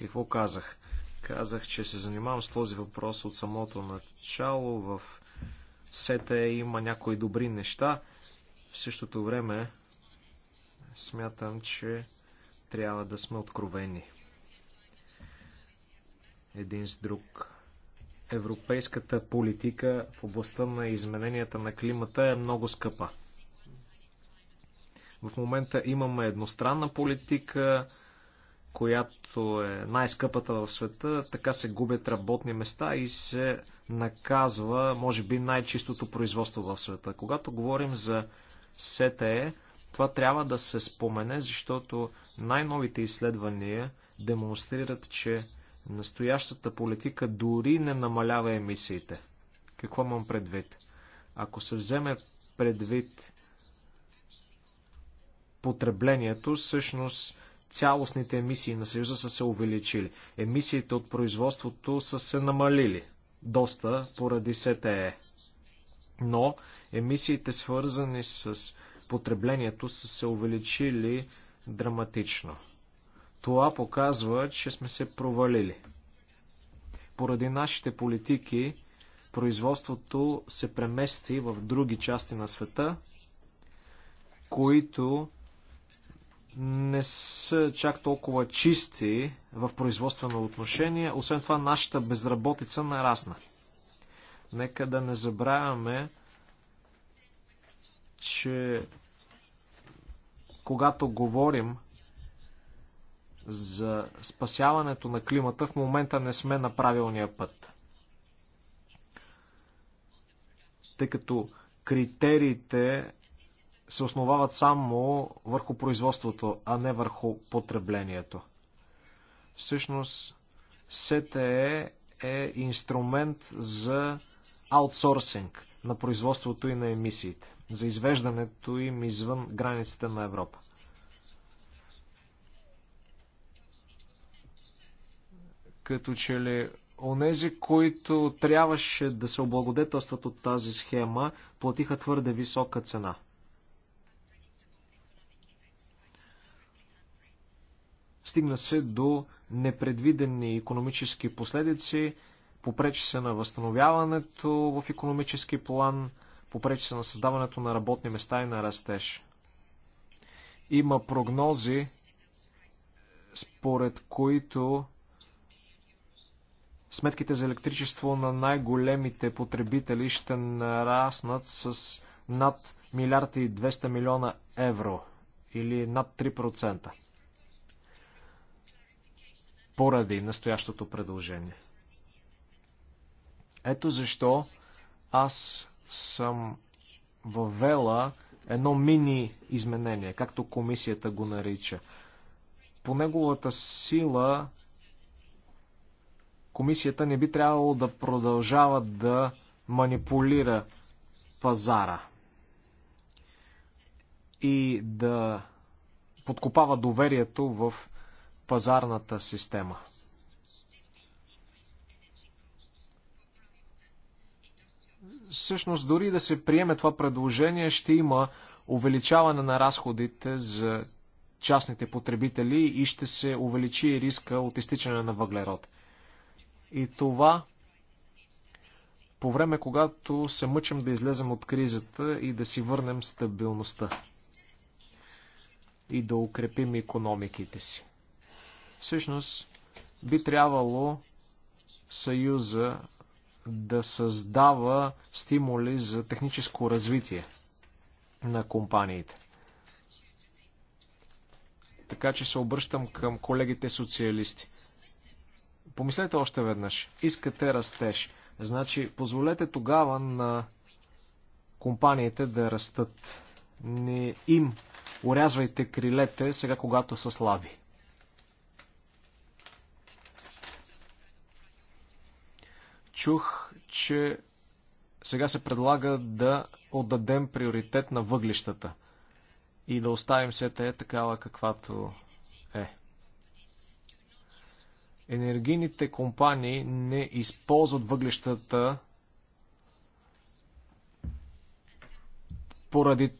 Какво казах? Казах, че се занимавам с този въпрос от самото начало. В сета има някои добри неща. В същото време смятам, че трябва да сме откровени. Един с друг. Европейската политика в областта на измененията на климата е много скъпа. В момента имаме едностранна политика, която е най-скъпата в света, така се губят работни места и се наказва, може би, най-чистото производство в света. Когато говорим за СТЕ, това трябва да се спомене, защото най-новите изследвания демонстрират, че настоящата политика дори не намалява емисиите. Какво имам предвид? Ако се вземе предвид потреблението, всъщност цялостните емисии на Съюза са се увеличили. Емисиите от производството са се намалили доста поради СТЕ. Но емисиите свързани с потреблението са се увеличили драматично. Това показва, че сме се провалили. Поради нашите политики, производството се премести в други части на света, които не са чак толкова чисти в производствено отношение. Освен това, нашата безработица нарасна. Нека да не забравяме, че когато говорим за спасяването на климата, в момента не сме на правилния път. Тъй като критериите се основават само върху производството, а не върху потреблението. Всъщност, СТЕ е инструмент за аутсорсинг на производството и на емисиите, за извеждането им извън границите на Европа. Като че ли онези, които трябваше да се облагодетелстват от тази схема, платиха твърде висока цена – Стигна се до непредвидени економически последици, попречи се на възстановяването в економически план, попречи се на създаването на работни места и на растеж. Има прогнози, според които сметките за електричество на най-големите потребители ще нараснат с над милиард и 200 милиона евро или над 3% поради настоящото предложение. Ето защо аз съм въвела едно мини изменение, както комисията го нарича. По неговата сила комисията не би трябвало да продължава да манипулира пазара и да подкопава доверието в пазарната система. Всъщност, дори да се приеме това предложение, ще има увеличаване на разходите за частните потребители и ще се увеличи риска от изтичане на въглерод. И това по време, когато се мъчим да излезем от кризата и да си върнем стабилността и да укрепим економиките си. Всъщност би трябвало Съюза да създава стимули за техническо развитие на компаниите. Така че се обръщам към колегите социалисти. Помислете още веднъж. Искате растеж. Значи, позволете тогава на компаниите да растат. Не им урязвайте крилете сега, когато са слаби. чух, че сега се предлага да отдадем приоритет на въглищата и да оставим все те такава каквато е. Енергийните компании не използват въглищата поради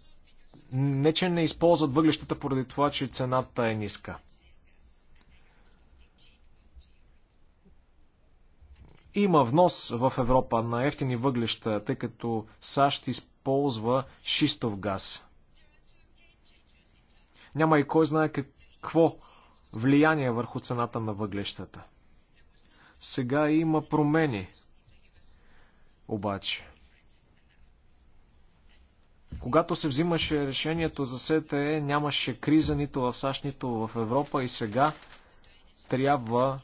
не че не използват въглищата поради това, че цената е ниска. Има внос в Европа на ефтини въглища, тъй като САЩ използва шистов газ. Няма и кой знае какво влияние върху цената на въглищата. Сега има промени. Обаче, когато се взимаше решението за СТЕ, нямаше криза нито в САЩ, нито в Европа и сега трябва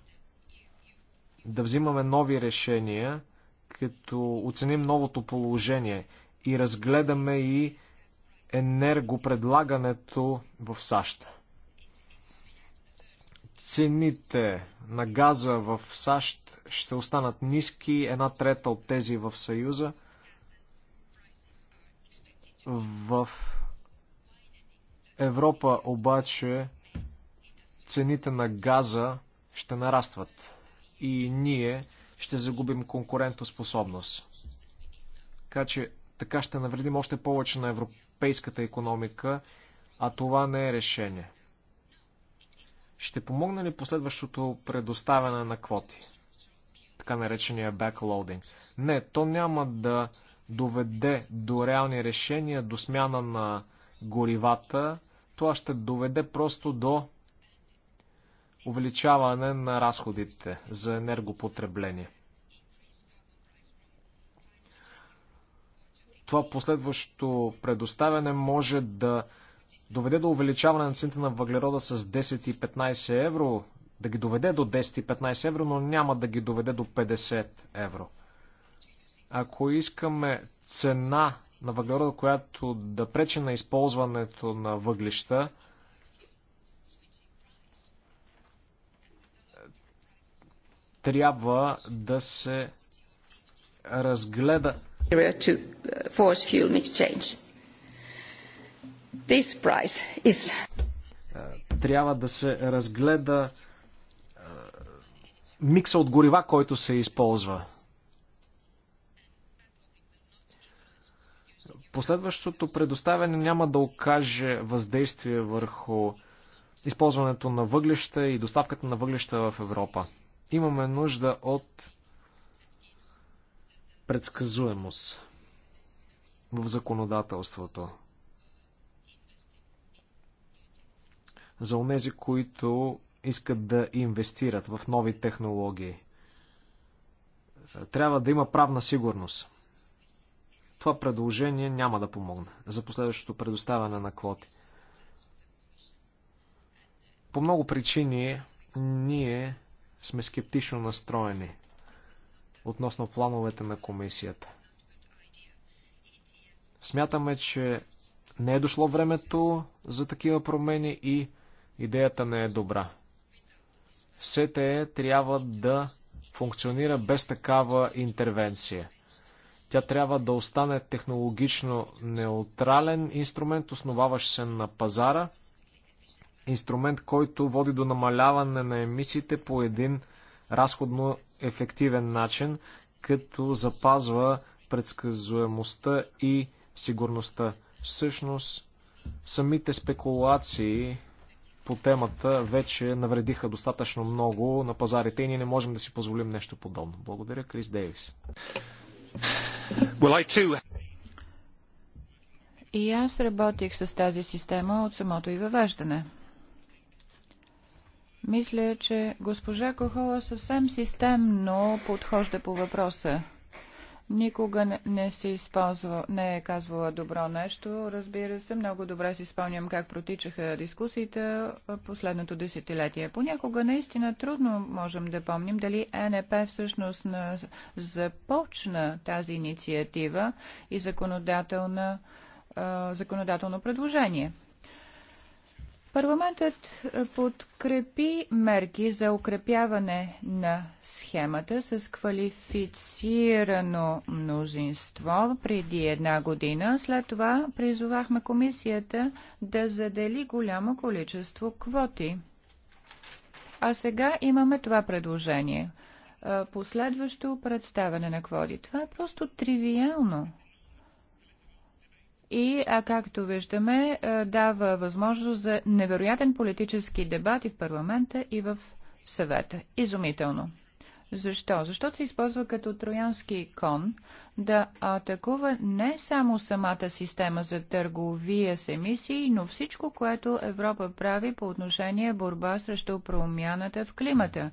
да взимаме нови решения, като оценим новото положение и разгледаме и енергопредлагането в САЩ. Цените на газа в САЩ ще останат ниски, една трета от тези в Съюза. В Европа обаче цените на газа ще нарастват и ние ще загубим конкурентоспособност. Така че така ще навредим още повече на европейската економика, а това не е решение. Ще помогне ли последващото предоставяне на квоти? Така наречения backloading. Не, то няма да доведе до реални решения, до смяна на горивата. Това ще доведе просто до увеличаване на разходите за енергопотребление. Това последващо предоставяне може да доведе до увеличаване на цените на въглерода с 10 и 15 евро, да ги доведе до 10 и 15 евро, но няма да ги доведе до 50 евро. Ако искаме цена на въглерода, която да пречи на използването на въглища, трябва да се разгледа. Трябва да се разгледа микса от горива, който се използва. Последващото предоставяне няма да окаже въздействие върху използването на въглища и доставката на въглища в Европа. Имаме нужда от предсказуемост в законодателството. За онези, които искат да инвестират в нови технологии. Трябва да има правна сигурност. Това предложение няма да помогне за последващото предоставяне на квоти. По много причини ние сме скептично настроени относно плановете на комисията. Смятаме, че не е дошло времето за такива промени и идеята не е добра. СТЕ трябва да функционира без такава интервенция. Тя трябва да остане технологично неутрален инструмент, основаващ се на пазара – инструмент, който води до намаляване на емисиите по един разходно ефективен начин, като запазва предсказуемостта и сигурността. Всъщност, самите спекулации по темата вече навредиха достатъчно много на пазарите и ние не можем да си позволим нещо подобно. Благодаря, Крис Дейвис. Well, I too... И аз работих с тази система от самото и въвеждане. Мисля, че госпожа Кохола съвсем системно подхожда по въпроса. Никога не, не си използва, не е казвала добро нещо. Разбира се, много добре си спомням как протичаха дискусиите последното десетилетие. Понякога наистина трудно можем да помним дали НП всъщност на, започна тази инициатива и законодателна, законодателно предложение. Парламентът е, подкрепи мерки за укрепяване на схемата с квалифицирано мнозинство преди една година. След това призовахме комисията да задели голямо количество квоти. А сега имаме това предложение. Е, последващо представяне на квоти. Това е просто тривиално и, а както виждаме, дава възможност за невероятен политически дебат и в парламента, и в съвета. Изумително. Защо? Защото се използва като троянски кон да атакува не само самата система за търговия с емисии, но всичко, което Европа прави по отношение борба срещу промяната в климата.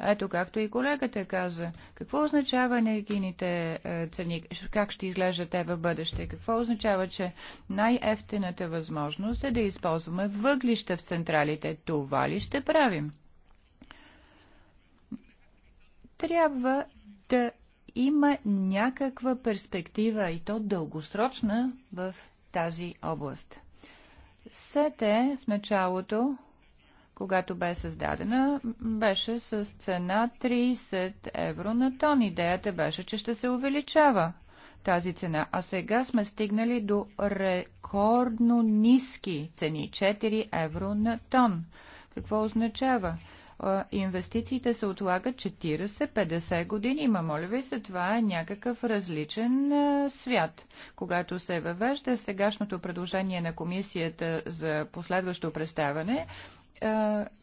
Ето както и колегата каза, какво означава енергийните е, цени, как ще изглеждат те в бъдеще? Какво означава, че най-ефтината възможност е да използваме въглища в централите? Това ли ще правим? трябва да има някаква перспектива и то дългосрочна в тази област. Сете в началото, когато бе създадена, беше с цена 30 евро на тон. Идеята беше, че ще се увеличава тази цена, а сега сме стигнали до рекордно ниски цени 4 евро на тон. Какво означава? инвестициите се отлагат 40-50 години. Ма, моля ви се, това е някакъв различен свят. Когато се въвежда сегашното предложение на комисията за последващо представане.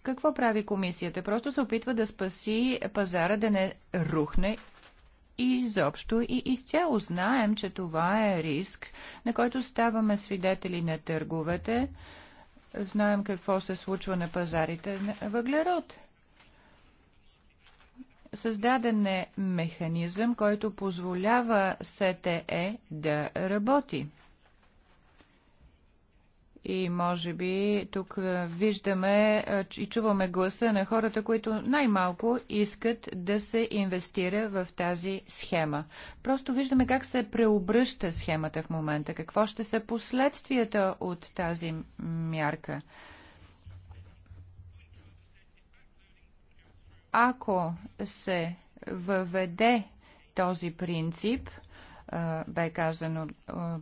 какво прави комисията? Просто се опитва да спаси пазара да не рухне изобщо и изцяло знаем, че това е риск, на който ставаме свидетели на търговете. Знаем какво се случва на пазарите на въглерод. Създаден е механизъм, който позволява СТЕ да работи. И може би тук виждаме и чуваме гласа на хората, които най-малко искат да се инвестира в тази схема. Просто виждаме как се преобръща схемата в момента, какво ще са последствията от тази мярка. ако се въведе този принцип, бе казано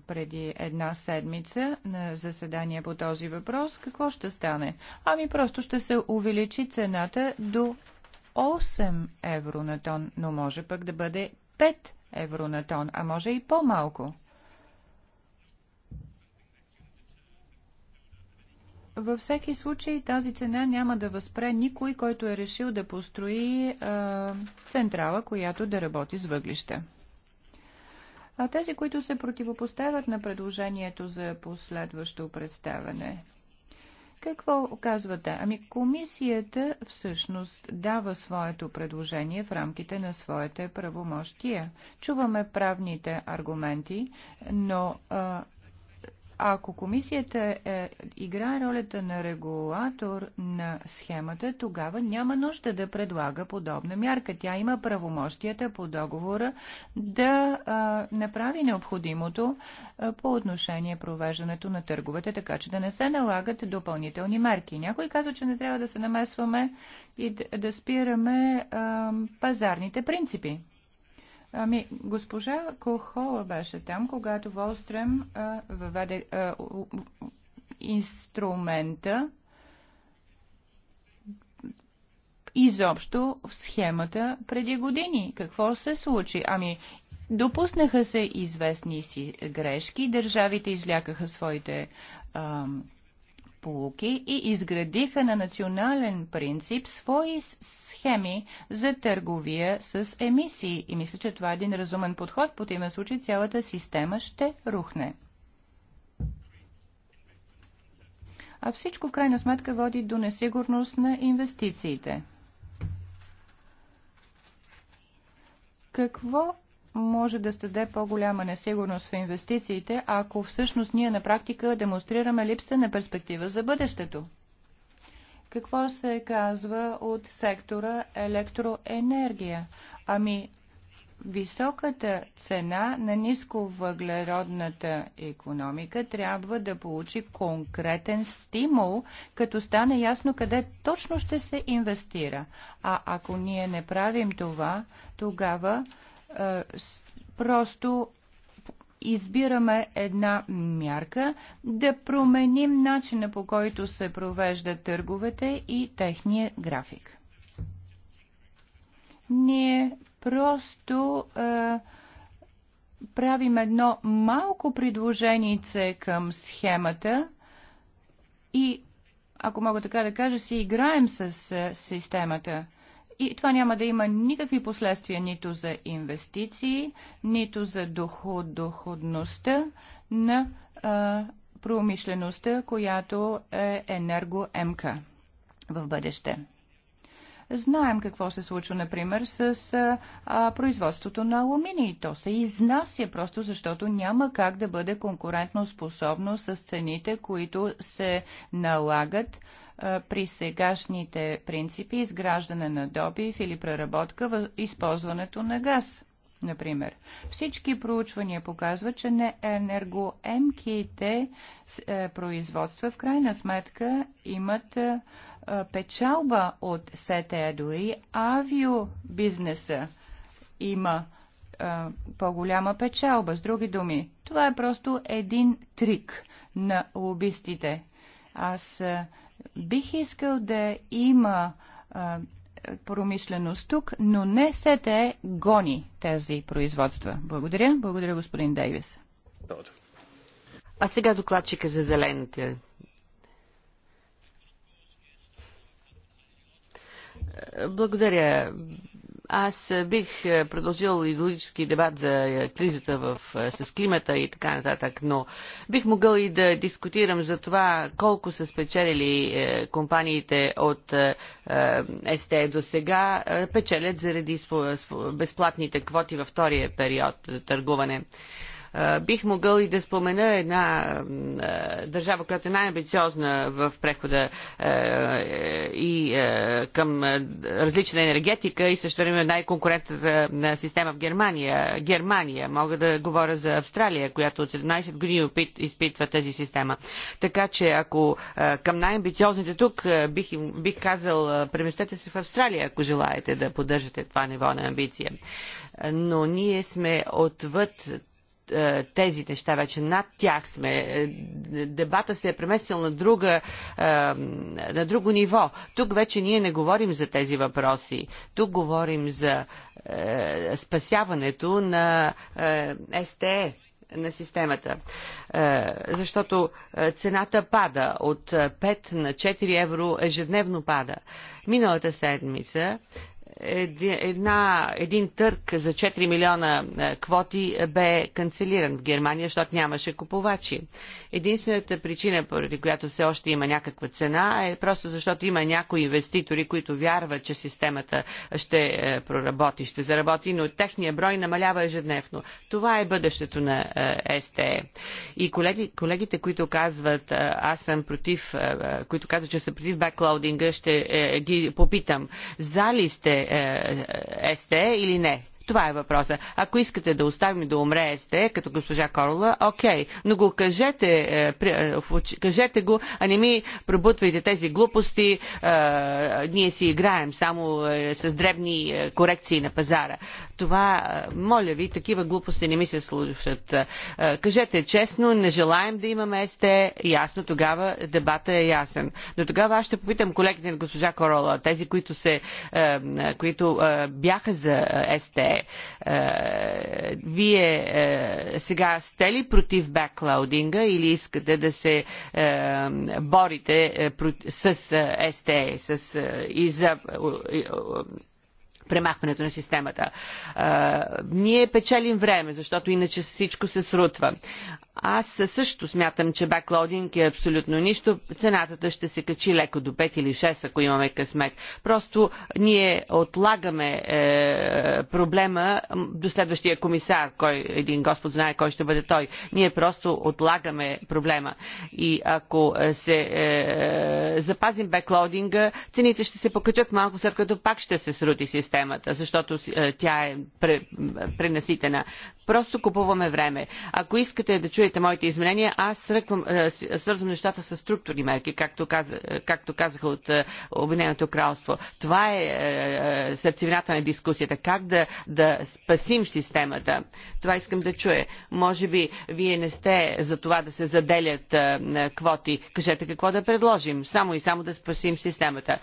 преди една седмица на заседание по този въпрос, какво ще стане? Ами просто ще се увеличи цената до 8 евро на тон, но може пък да бъде 5 евро на тон, а може и по-малко. Във всеки случай тази цена няма да възпре никой, който е решил да построи е, централа, която да работи с въглища. А тези, които се противопоставят на предложението за последващо представяне, какво казвате? Ами комисията всъщност дава своето предложение в рамките на своите правомощия. Чуваме правните аргументи, но а, ако комисията е, играе ролята на регулатор на схемата, тогава няма нужда да предлага подобна мярка. Тя има правомощията по договора да а, направи необходимото а, по отношение провеждането на търговете, така че да не се налагат допълнителни мерки. Някой казва, че не трябва да се намесваме и да, да спираме а, пазарните принципи. Ами, госпожа Кохола беше там, когато Волстрем въведе инструмента изобщо в схемата преди години. Какво се случи? Ами, допуснаха се известни си грешки, държавите излякаха своите ам, полуки и изградиха на национален принцип свои схеми за търговия с емисии. И мисля, че това е един разумен подход. По тема случай цялата система ще рухне. А всичко в крайна сметка води до несигурност на инвестициите. Какво може да стаде по-голяма несигурност в инвестициите, ако всъщност ние на практика демонстрираме липса на перспектива за бъдещето. Какво се казва от сектора електроенергия? Ами, високата цена на нисковъглеродната економика трябва да получи конкретен стимул, като стане ясно къде точно ще се инвестира. А ако ние не правим това, тогава е, просто избираме една мярка да променим начина по който се провеждат търговете и техния график. Ние просто е, правим едно малко предложенице към схемата и, ако мога така да кажа, си играем с е, системата. И това няма да има никакви последствия нито за инвестиции, нито за доход, доходността на а, промишлеността, която е енергоемка в бъдеще. Знаем какво се случва, например, с а, производството на алуминий. То се изнася просто защото няма как да бъде конкурентно способно с цените, които се налагат при сегашните принципи изграждане на добив или преработка в използването на газ. Например, всички проучвания показват, че не енергоемките е, производства в крайна сметка имат е, е, печалба от СТЕ, дори авиобизнеса има по-голяма печалба. С други думи, това е просто един трик на лобистите. Аз Бих искал да има а, промишленост тук, но не се те гони тези производства. Благодаря. Благодаря, господин Дейвис. А сега докладчика за зелените. Благодаря. Аз бих продължил идеологически дебат за кризата в, с климата и така нататък, но бих могъл и да дискутирам за това колко са спечелили е, компаниите от е, е, СТ до сега, печелят заради безплатните квоти във втория период търгуване. Бих могъл и да спомена една държава, която е най-амбициозна в прехода и към различна енергетика и също време най-конкурентната система в Германия. Германия. Мога да говоря за Австралия, която от 17 години изпитва тази система. Така че ако към най-амбициозните тук бих, бих казал, преместете се в Австралия, ако желаете да поддържате това ниво на амбиция. Но ние сме отвъд е, тези неща вече над тях сме. Е, дебата се е преместил на, друга, е, на друго ниво. Тук вече ние не говорим за тези въпроси. Тук говорим за спасяването на СТЕ на системата. Защото цената пада от 5 на 4 евро ежедневно пада. Миналата седмица една, един търк за 4 милиона е, квоти бе канцелиран в Германия, защото нямаше купувачи. Единствената причина, поради която все още има някаква цена, е просто защото има някои инвеститори, които вярват, че системата ще е, проработи, ще заработи, но техния брой намалява ежедневно. Това е бъдещето на е, СТЕ. И колеги, колегите, които казват, е, аз съм против, които казват, че са против беклоудинга, ще ги попитам, за ли сте СТЕ или не? Това е въпроса. Ако искате да оставим да умреете, като госпожа Корола, окей, но го кажете, е, е кажете го, а не ми пробутвайте тези глупости, е, ние си играем само е, с дребни е, корекции на пазара. Това, е, моля ви, такива глупости не ми се слушат. Кажете честно, не желаем да имаме СТ, ясно тогава дебата е ясен. Но тогава аз ще попитам колегите на госпожа Корола, тези, които, се, които бяха за СТ, е, вие е, сега сте ли против беклаудинга или искате да се е, борите е, с е, СТЕ, с, е, и за е, е, премахването на системата. А, ние печелим време, защото иначе всичко се срутва. Аз също смятам, че баклодинг е абсолютно нищо. Цената ще се качи леко до 5 или 6, ако имаме късмет. Просто ние отлагаме е, проблема до следващия комисар, кой един Господ знае кой ще бъде той. Ние просто отлагаме проблема. И ако се е, запазим беклодинга, цените ще се покачат малко, след като пак ще се срути система системата, защото е, тя е пренаситена. Просто купуваме време. Ако искате да чуете моите изменения, аз сръквам, е, свързвам нещата с структурни мерки, както, каза, е, както казаха от Обединеното кралство. Това е сърцевината на дискусията. Как да, да спасим системата? Това искам да чуя. Може би вие не сте за това да се заделят квоти. Кажете какво да предложим. Само и само да спасим системата.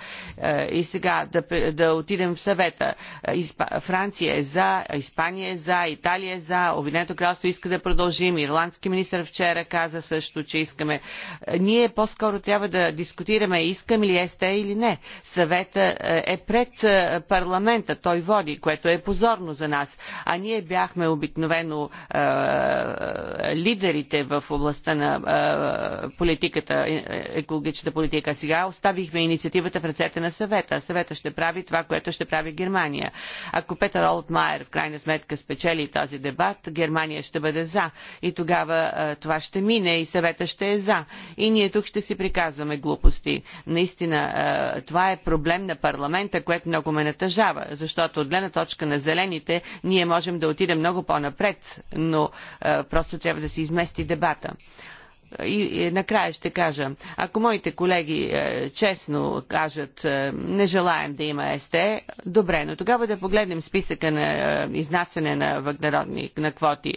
И сега да, да отидем в съвет. Е, е, Франция е за, Испания е за, Италия е за, Обединеното кралство иска да продължим. Ирландски министр вчера каза също, че искаме. Е, ние по-скоро трябва да дискутираме искаме ли ЕСТЕ или не. Съвета е пред парламента, той води, което е позорно за нас. А ние бяхме обикновено е, лидерите в областта на е, политиката, екологичната политика. Сега оставихме инициативата в ръцете на съвета. Съвета ще прави това, което ще прави Германия. Германия. Ако Петър Олтмайер в крайна сметка спечели този дебат, Германия ще бъде за. И тогава а, това ще мине и съвета ще е за. И ние тук ще си приказваме глупости. Наистина, а, това е проблем на парламента, което много ме натъжава, защото от гледна точка на зелените ние можем да отидем много по-напред, но а, просто трябва да се измести дебата. И, накрая ще кажа, ако моите колеги е, честно кажат, е, не желаем да има СТ, добре, но тогава да погледнем списъка на е, изнасяне на въглеродни на квоти.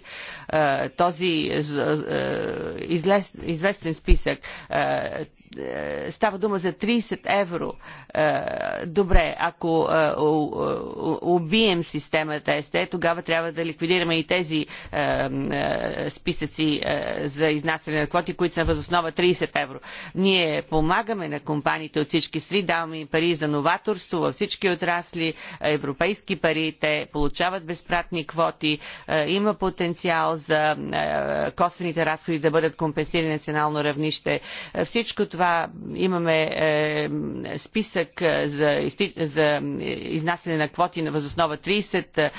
този известен списък, е, става дума за 30 евро. Е, добре, ако е, убием системата СТ, тогава трябва да ликвидираме и тези списъци за изнасяне на квоти, които са възоснова 30 евро. Ние помагаме на компаниите от всички стри, даваме им пари за новаторство във всички отрасли, европейски пари, те получават безпратни квоти, има потенциал за косвените разходи да бъдат компенсирани национално равнище. Всичко това това имаме е, списък е, за, за изнасяне на квоти на възоснова 30 е,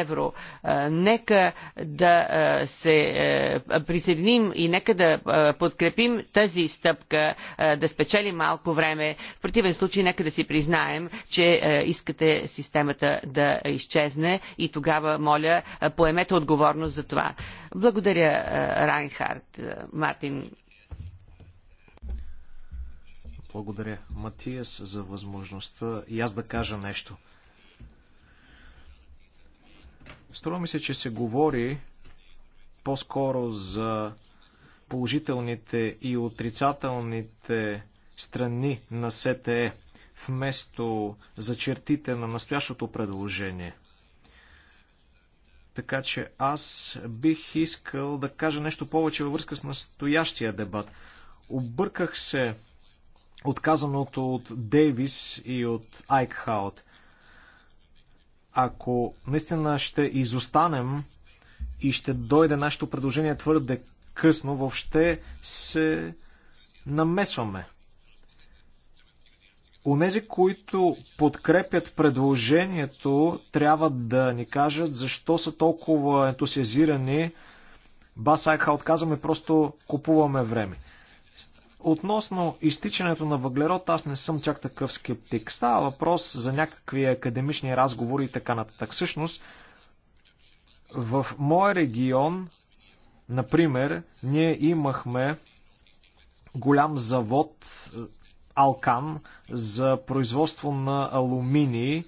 евро. Е, нека да е, се присъединим и нека да подкрепим тази стъпка, да спечелим малко време. В противен случай нека да си признаем, че искате системата да изчезне и тогава, моля, поемете отговорност за това. Благодаря, Райнхард, Мартин благодаря, Матиас, за възможността и аз да кажа нещо. Струва ми се, че се говори по-скоро за положителните и отрицателните страни на СТЕ, вместо за чертите на настоящото предложение. Така че аз бих искал да кажа нещо повече във връзка с настоящия дебат. Обърках се отказаното от Дейвис и от Айкхаут. Ако наистина ще изостанем и ще дойде нашето предложение твърде късно, въобще се намесваме. Онези, които подкрепят предложението, трябва да ни кажат защо са толкова ентусиазирани. Бас Айкхаут казваме, просто купуваме време. Относно изтичането на въглерод, аз не съм чак такъв скептик. Става въпрос за някакви академични разговори и така нататък. Всъщност, в моя регион, например, ние имахме голям завод е, Алкан за производство на алуминии.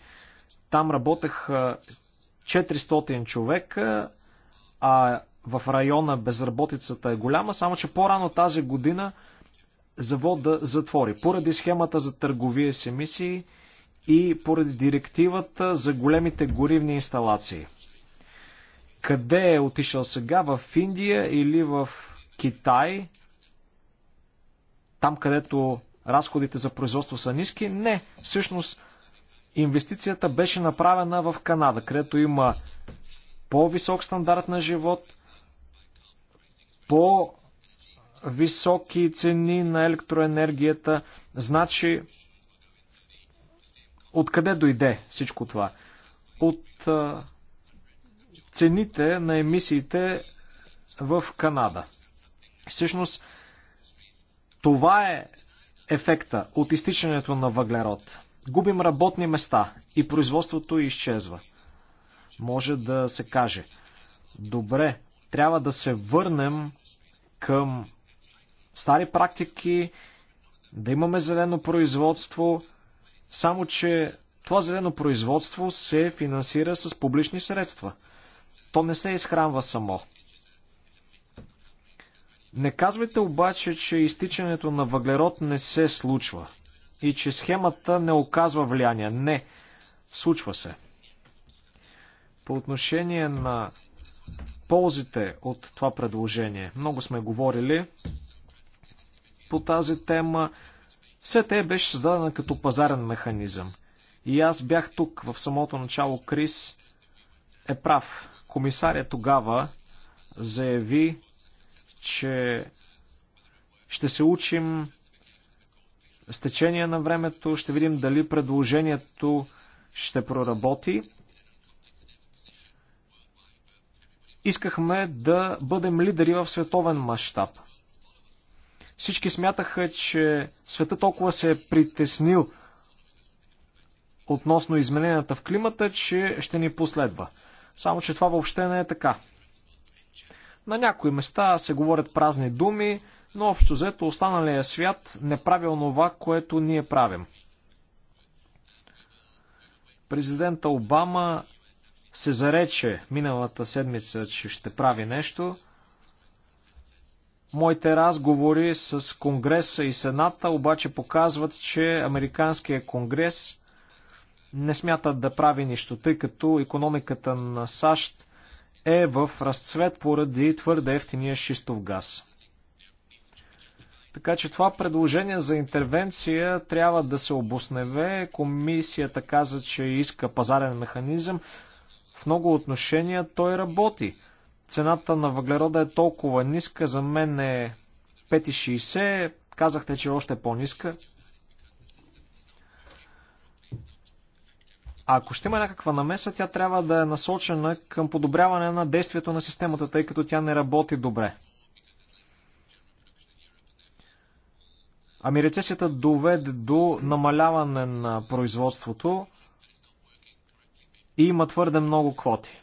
Там работеха 400 човека, а в района безработицата е голяма, само че по-рано тази година завода затвори. Поради схемата за търговия с емисии и поради директивата за големите горивни инсталации. Къде е отишъл сега? В Индия или в Китай? Там, където разходите за производство са ниски? Не. Всъщност, инвестицията беше направена в Канада, където има по-висок стандарт на живот, по високи цени на електроенергията. Значи, откъде дойде всичко това? От а, цените на емисиите в Канада. Всъщност, това е ефекта от изтичането на въглерод. Губим работни места и производството изчезва. Може да се каже, добре, трябва да се върнем към стари практики, да имаме зелено производство, само че това зелено производство се финансира с публични средства. То не се изхранва само. Не казвайте обаче, че изтичането на въглерод не се случва и че схемата не оказва влияние. Не, случва се. По отношение на ползите от това предложение, много сме говорили, по тази тема. Все те беше създадена като пазарен механизъм. И аз бях тук в самото начало. Крис е прав. Комисаря тогава заяви, че ще се учим с течение на времето, ще видим дали предложението ще проработи. Искахме да бъдем лидери в световен мащаб. Всички смятаха, че света толкова се е притеснил относно измененията в климата, че ще ни последва. Само, че това въобще не е така. На някои места се говорят празни думи, но общо взето останалия свят не прави онова, което ние правим. Президента Обама се зарече миналата седмица, че ще прави нещо – Моите разговори с Конгреса и Сената обаче показват, че Американския конгрес не смятат да прави нищо, тъй като економиката на САЩ е в разцвет поради твърде ефтиния шистов газ. Така че това предложение за интервенция трябва да се обосневе. Комисията каза, че иска пазарен механизъм. В много отношения той работи цената на въглерода е толкова ниска, за мен е 5,60, казахте, че е още е по-ниска. Ако ще има някаква намеса, тя трябва да е насочена към подобряване на действието на системата, тъй като тя не работи добре. Ами рецесията доведе до намаляване на производството и има твърде много квоти.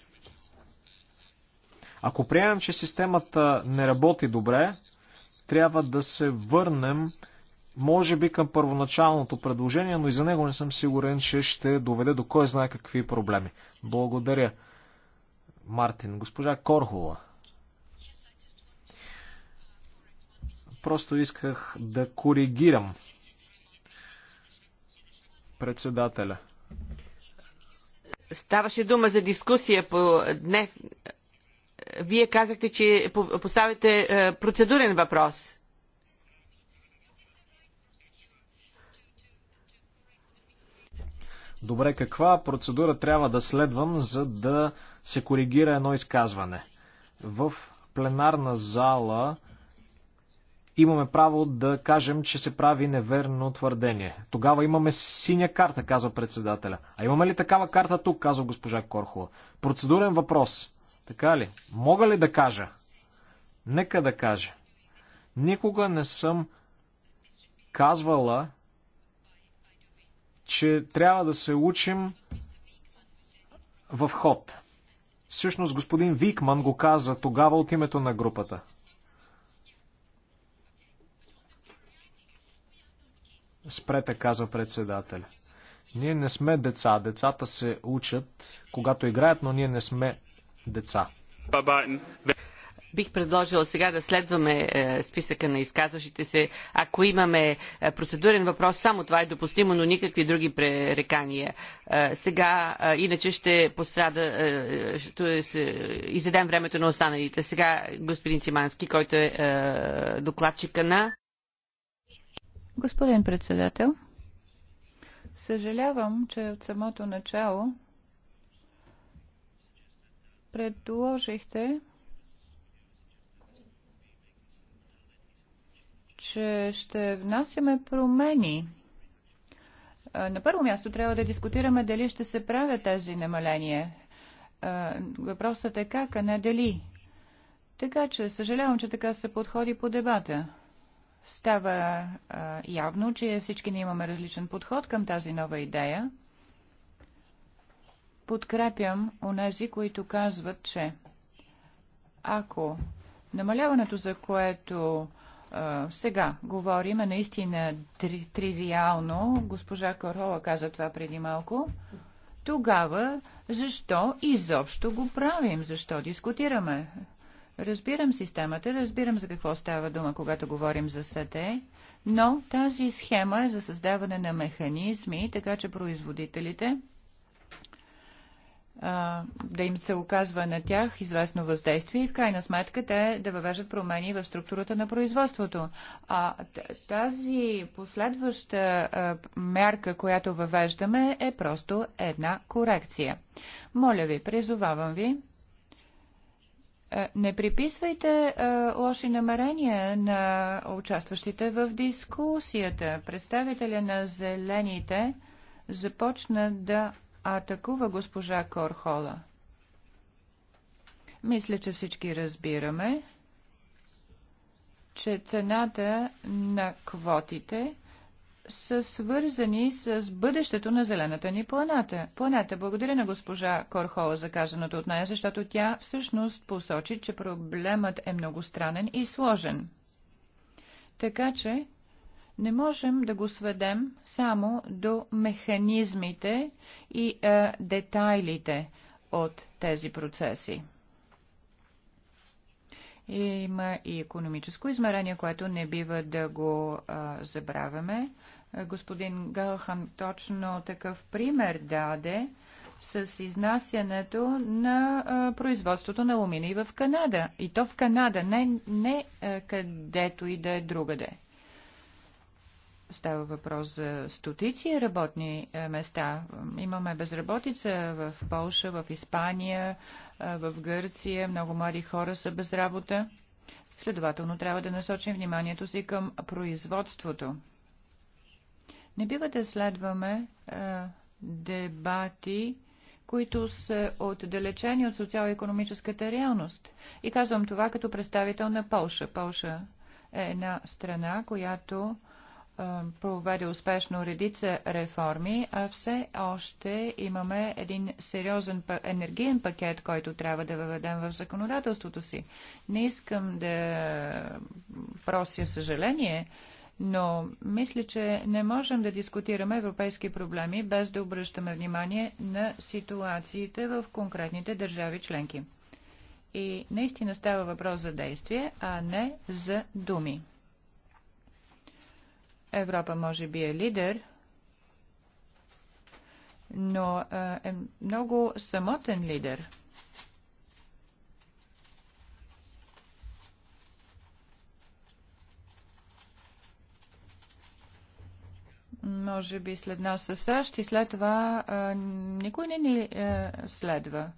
Ако приемем, че системата не работи добре, трябва да се върнем може би към първоначалното предложение, но и за него не съм сигурен, че ще доведе до кой знае какви проблеми. Благодаря. Мартин, госпожа Корхола. Просто исках да коригирам председателя. Ставаше дума за дискусия по дне вие казахте, че поставяте е, процедурен въпрос. Добре, каква процедура трябва да следвам, за да се коригира едно изказване? В пленарна зала имаме право да кажем, че се прави неверно твърдение. Тогава имаме синя карта, казва председателя. А имаме ли такава карта тук, казва госпожа Корхова? Процедурен въпрос. Така ли? Мога ли да кажа? Нека да кажа. Никога не съм казвала, че трябва да се учим в ход. Всъщност господин Викман го каза тогава от името на групата. Спрете, каза председателя. Ние не сме деца. Децата се учат, когато играят, но ние не сме деца. Бих предложила сега да следваме е, списъка на изказващите се. Ако имаме е, процедурен въпрос, само това е допустимо, но никакви други пререкания. Е, сега, иначе ще пострада, изедем времето на останалите. Сега господин Симански, който е докладчика на. Господин председател, съжалявам, че от самото начало предложихте, че ще внасяме промени. На първо място трябва да дискутираме дали ще се правят тези намаления. Въпросът е как, а не дали. Така че съжалявам, че така се подходи по дебата. Става а, явно, че всички не имаме различен подход към тази нова идея подкрепям онези, които казват, че ако намаляването, за което а, сега говорим, е наистина три, тривиално, госпожа Корола каза това преди малко, тогава защо изобщо го правим? Защо дискутираме? Разбирам системата, разбирам за какво става дума, когато говорим за СТЕ, но тази схема е за създаване на механизми, така че производителите да им се оказва на тях известно въздействие и в крайна сметка те да въвеждат промени в структурата на производството. А тази последваща мярка, която въвеждаме, е просто една корекция. Моля ви, призовавам ви, не приписвайте лоши намерения на участващите в дискусията. Представителя на зелените започна да атакува госпожа Корхола. Мисля, че всички разбираме, че цената на квотите са свързани с бъдещето на зелената ни планата. Планата благодаря на госпожа Корхола за казаното от нея, защото тя всъщност посочи, че проблемът е многостранен и сложен. Така че не можем да го сведем само до механизмите и е, детайлите от тези процеси. Има и економическо измерение, което не бива да го е, забравяме. Господин Галхан точно такъв пример даде с изнасянето на е, производството на алуминий в Канада. И то в Канада, не, не е, където и да е другаде. Става въпрос за стотици работни е, места. Имаме безработица в Полша, в Испания, е, в Гърция. Много млади хора са без работа. Следователно трябва да насочим вниманието си към производството. Не бива да следваме а, е, дебати, които са отдалечени от социално-економическата реалност. И казвам това като представител на Полша. Полша е една страна, която проведе успешно редица реформи, а все още имаме един сериозен енергиен пакет, който трябва да въведем в законодателството си. Не искам да прося съжаление, но мисля, че не можем да дискутираме европейски проблеми без да обръщаме внимание на ситуациите в конкретните държави членки. И наистина става въпрос за действие, а не за думи. Европа може би е лидер, но е много самотен лидер. Може би след нас са САЩ и след това никой не ни следва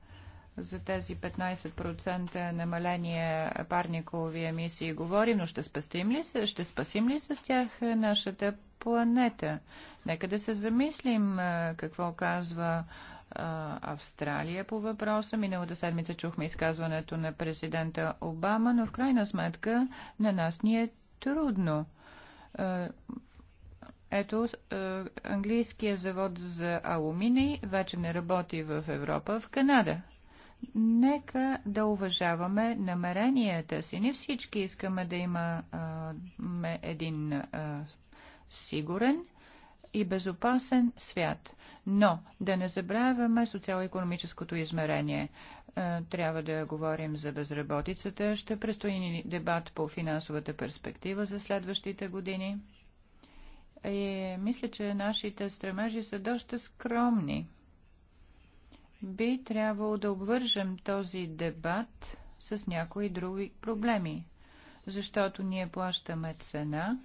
за тези 15% намаление парникови емисии говорим, но ще спасим ли, се, ще спасим ли с тях е, нашата планета? Нека да се замислим е, какво казва е, Австралия по въпроса. Миналата седмица чухме изказването на президента Обама, но в крайна сметка на нас ни е трудно. Ето, английският завод за алуминий вече не работи в Европа, в Канада. Нека да уважаваме намеренията си. Не всички искаме да има а, един а, сигурен и безопасен свят. Но да не забравяме социално-економическото измерение. Трябва да говорим за безработицата. Ще предстои дебат по финансовата перспектива за следващите години. И мисля, че нашите стремежи са доста скромни би трябвало да обвържем този дебат с някои други проблеми, защото ние плащаме цена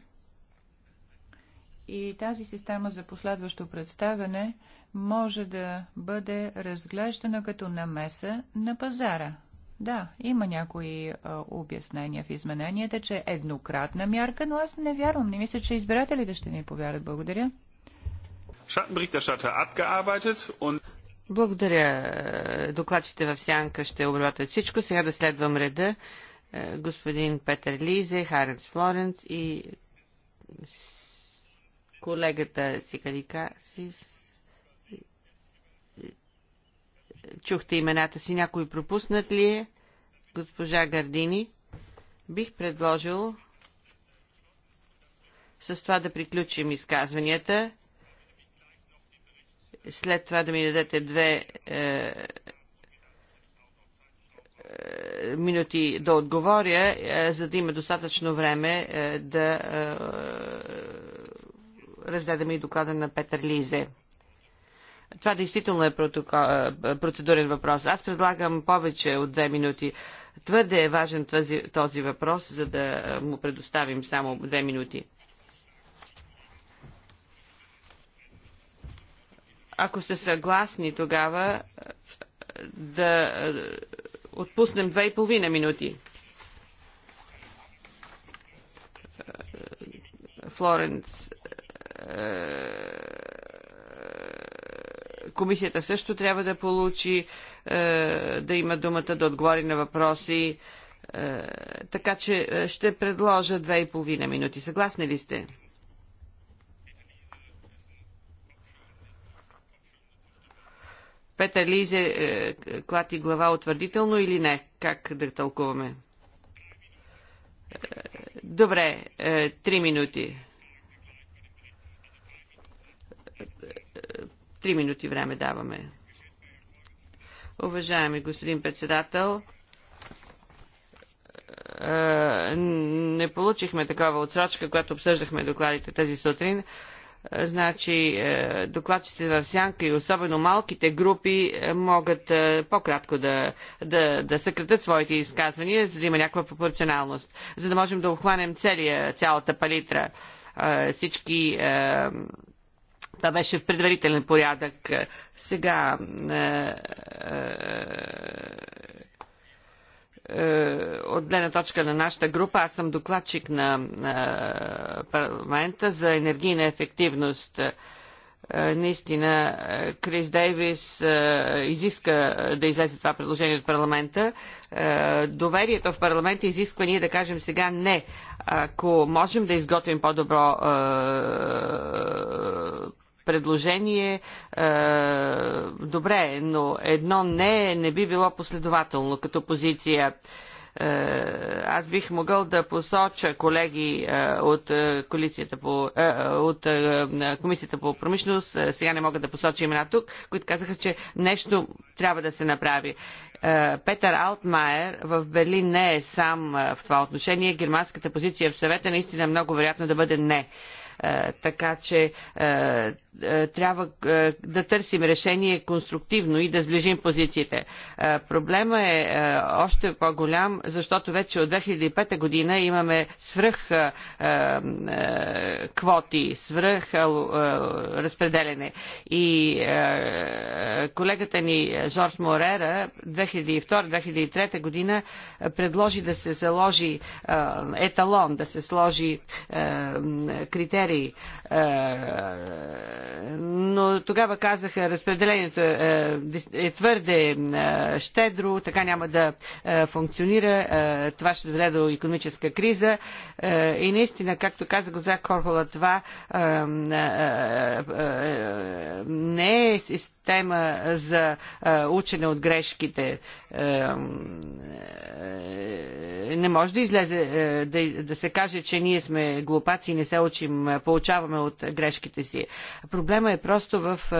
и тази система за последващо представяне може да бъде разглеждана като намеса на пазара. Да, има някои а, обяснения в измененията, че е еднократна мярка, но аз не вярвам. Не мисля, че избирателите ще ни повярят. Благодаря. Благодаря. Е, докладчите в сянка ще обработят всичко. Сега да следвам реда. Е, господин Петър Лизе, Харенс Флоренц и колегата Сикарика Сис. Чухте имената си. Някой пропуснат ли е? Госпожа Гардини. Бих предложил с това да приключим изказванията след това да ми дадете две е, е минути да отговоря, е, за да има достатъчно време е, да разгледаме и доклада на Петър Лизе. Това действително е процедурен въпрос. Аз предлагам повече от две минути. Твърде е важен този, този въпрос, за да му предоставим само две минути. Ако сте съгласни тогава е, да е, отпуснем 2,5 минути. Е, Флоренц. Комисията също трябва да получи, да има думата да отговори на въпроси. Така че ще предложа 2,5 минути. Съгласни ли сте? Петър Лизе е, клати глава утвърдително или не? Как да тълкуваме? Е, добре, е, три минути. Три минути време даваме. Уважаеми господин председател, не получихме такава отсрочка, когато обсъждахме докладите тази сутрин. Е, значи, е, докладчите в сянка и особено малките групи е, могат по-кратко да, да, да съкратят своите изказвания, за да има някаква пропорционалност, за да можем да обхванем целия, цялата палитра, всички това беше в предварителен порядък. Сега е, от гледна точка на нашата група, аз съм докладчик на парламента за енергийна ефективност. Е, наистина, е, Крис Дейвис изиска да излезе това предложение от парламента. Доверието в парламента изисква ние да кажем сега не. Ако можем да изготвим по-добро предложение е, добре, но едно не, не би било последователно като позиция е, аз бих могъл да посоча колеги е, от, е, коалицията по, от Комисията по промишленост, сега не мога да посоча имена тук, които казаха, че нещо трябва да се направи. Петър Алтмайер в Берлин не е сам в това отношение. Германската позиция в съвета наистина много вероятно да бъде не така че е, трябва е, да търсим решение конструктивно и да сближим позициите. Е, проблема е още по-голям, защото вече от 2005 година имаме свръх квоти, свръх разпределене. И колегата ни Жорж Морера 2002-2003 година предложи да се заложи еталон, да се сложи критерии но тогава казаха, разпределението е, е твърде е, щедро, така няма да е, функционира, е, това ще доведе до економическа криза. Е, и наистина, както каза Гозак Корхола, това е, е, е, не е система за е, учене от грешките. Е, е, не може да излезе, е, да, да се каже, че ние сме глупаци и не се учим, е, получаваме от грешките си Проблема е просто в е,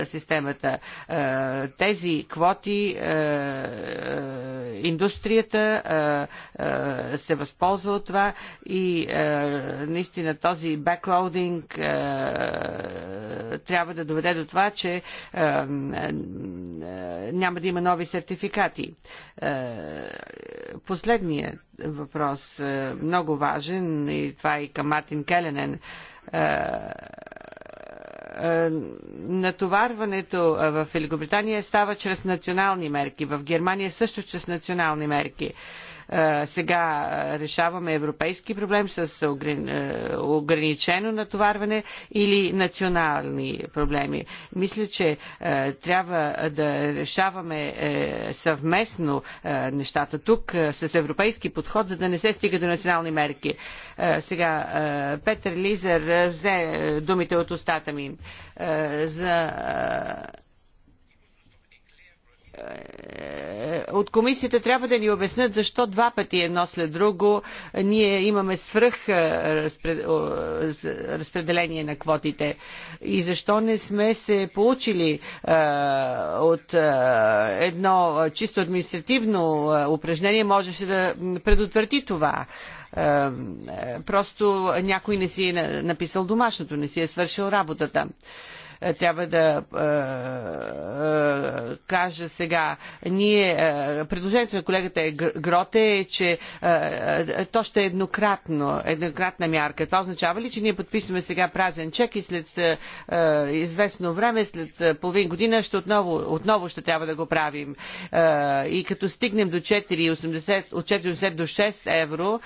е, системата. Е, тези квоти индустрията се възползва от това и наистина този беклоудинг трябва да доведе до това, че няма да има нови сертификати. Последният въпрос, много важен, и това и към Мартин Келенен е, натоварването е, в Великобритания става чрез национални мерки. В Германия също чрез национални мерки. Е, сега е, решаваме европейски проблем с е, ограничено натоварване или национални проблеми. Мисля, че трябва да решаваме съвместно нещата тук с европейски подход, за да не се стига до национални мерки. Сега Петър Лизер взе думите от устата ми за е, от комисията трябва да ни обяснят защо два пъти едно след друго ние имаме свръх е, разпределение на квотите и защо не сме се получили е, от едно чисто административно упражнение можеше да предотврати това просто някой не си е написал домашното, не си е свършил работата. Е, трябва да е, е, кажа сега. Ние, предложението на колегата е Гроте е, че то ще е еднократно, еднократна мярка. Това означава ли, че ние подписваме сега празен чек и след известно време, след половин година, ще отново, отново ще трябва да го правим. И като стигнем до 4,80, от 4,80 до 6 евро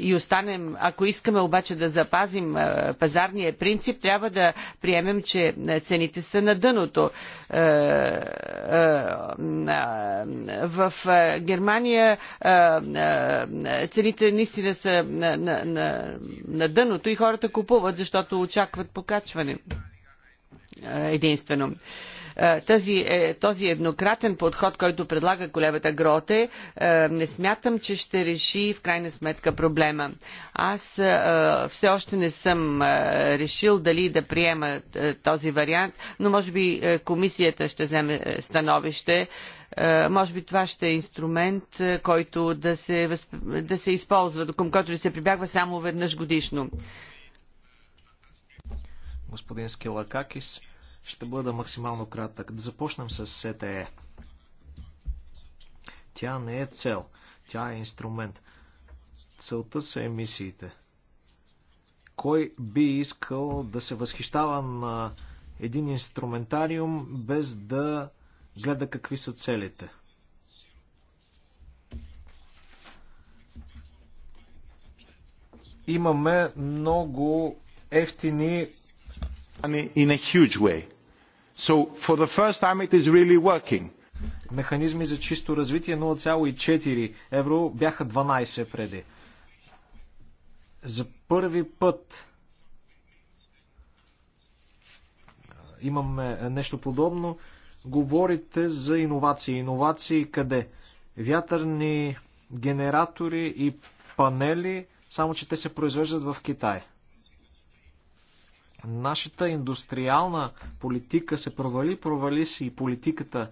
и останем, ако искаме обаче да запазим пазарния принцип, трябва да приемем, че е, цените са на дъното. Е, е, в Германия цените наистина са на, на, на, на дъното и хората купуват, защото очакват покачване единствено. Uh, е, тази, е, този еднократен подход, който предлага колебата Гроте, е, не смятам, че ще реши в крайна сметка проблема. Аз все още не съм решил дали да приема този вариант, но може би комисията ще вземе становище може би това ще е инструмент, който да се, да се използва, към който да се прибягва само веднъж годишно. Господин Скилакакис, ще бъда максимално кратък. Да започнем с СТЕ. Тя не е цел, тя е инструмент. Целта са емисиите. Кой би искал да се възхищава на един инструментариум без да гледа какви са целите? Имаме много ефтини in a huge way So for the first time it is really working. Механизми за чисто развитие 0,4 евро бяха 12 преди. За първи път имаме нещо подобно. Говорите за иновации. Иновации къде? Вятърни генератори и панели, само че те се произвеждат в Китай. Нашата индустриална политика се провали, провали се и политиката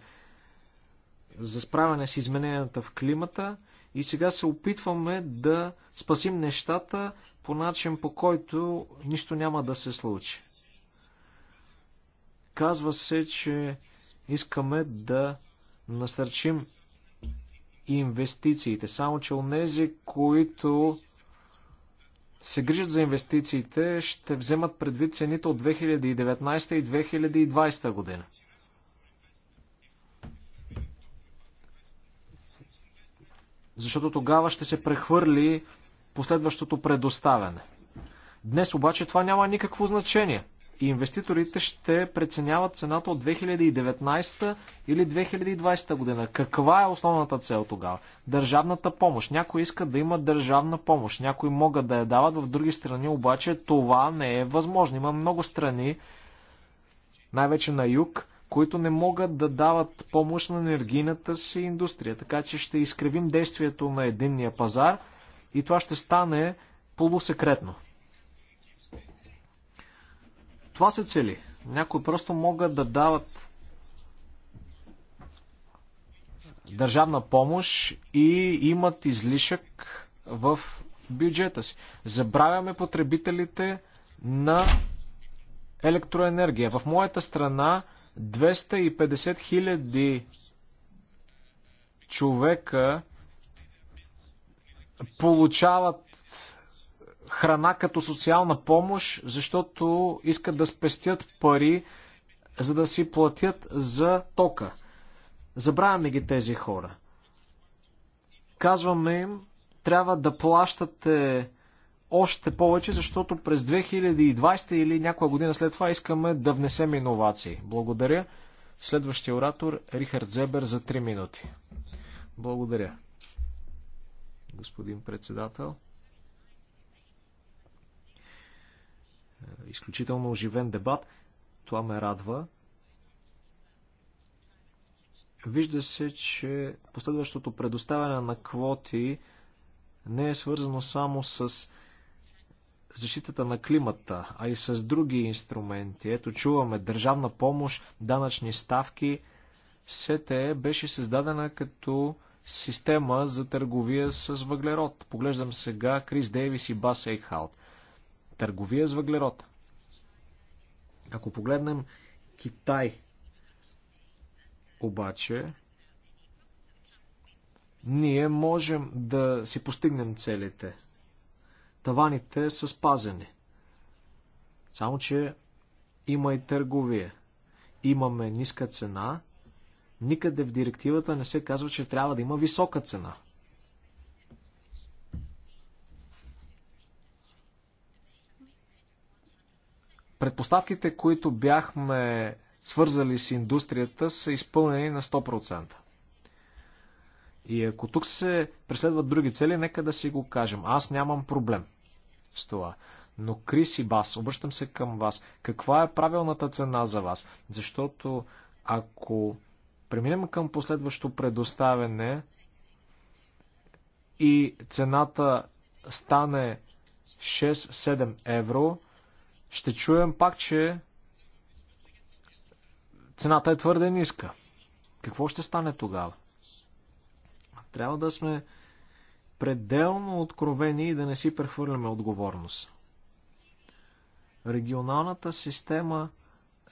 за справяне с измененията в климата и сега се опитваме да спасим нещата по начин, по който нищо няма да се случи. Казва се, че искаме да насърчим инвестициите, само че нези, които се грижат за инвестициите, ще вземат предвид цените от 2019 и 2020 година. Защото тогава ще се прехвърли последващото предоставяне. Днес обаче това няма никакво значение – инвеститорите ще преценяват цената от 2019 или 2020 година. Каква е основната цел тогава? Държавната помощ. Някой иска да има държавна помощ. Някои могат да я дават, в други страни обаче това не е възможно. Има много страни, най-вече на юг, които не могат да дават помощ на енергийната си индустрия. Така че ще изкривим действието на единния пазар и това ще стане полусекретно. Това се цели. Някои просто могат да дават държавна помощ и имат излишък в бюджета си. Забравяме потребителите на електроенергия. В моята страна 250 хиляди човека получават храна като социална помощ, защото искат да спестят пари, за да си платят за тока. Забравяме ги тези хора. Казваме им, трябва да плащате още повече, защото през 2020 или някоя година след това искаме да внесем иновации. Благодаря. Следващия оратор Рихард Зебер за 3 минути. Благодаря. Господин председател. Е, изключително оживен дебат. Това ме радва. Вижда се, че последващото предоставяне на квоти не е свързано само с защитата на климата, а и с други инструменти. Ето чуваме държавна помощ, данъчни ставки. СТЕ беше създадена като система за търговия с въглерод. Поглеждам сега Крис Дейвис и Бас Ейхаут търговия с въглерод. Ако погледнем Китай, обаче, ние можем да си постигнем целите. Таваните са спазени. Само, че има и търговия. Имаме ниска цена. Никъде в директивата не се казва, че трябва да има висока цена – Предпоставките, които бяхме свързали с индустрията, са изпълнени на 100%. И ако тук се преследват други цели, нека да си го кажем. Аз нямам проблем с това. Но Крис и Бас, обръщам се към вас. Каква е правилната цена за вас? Защото ако преминем към последващо предоставяне и цената стане 6-7 евро, ще чуем пак, че цената е твърде ниска. Какво ще стане тогава? Трябва да сме пределно откровени и да не си прехвърляме отговорност. Регионалната система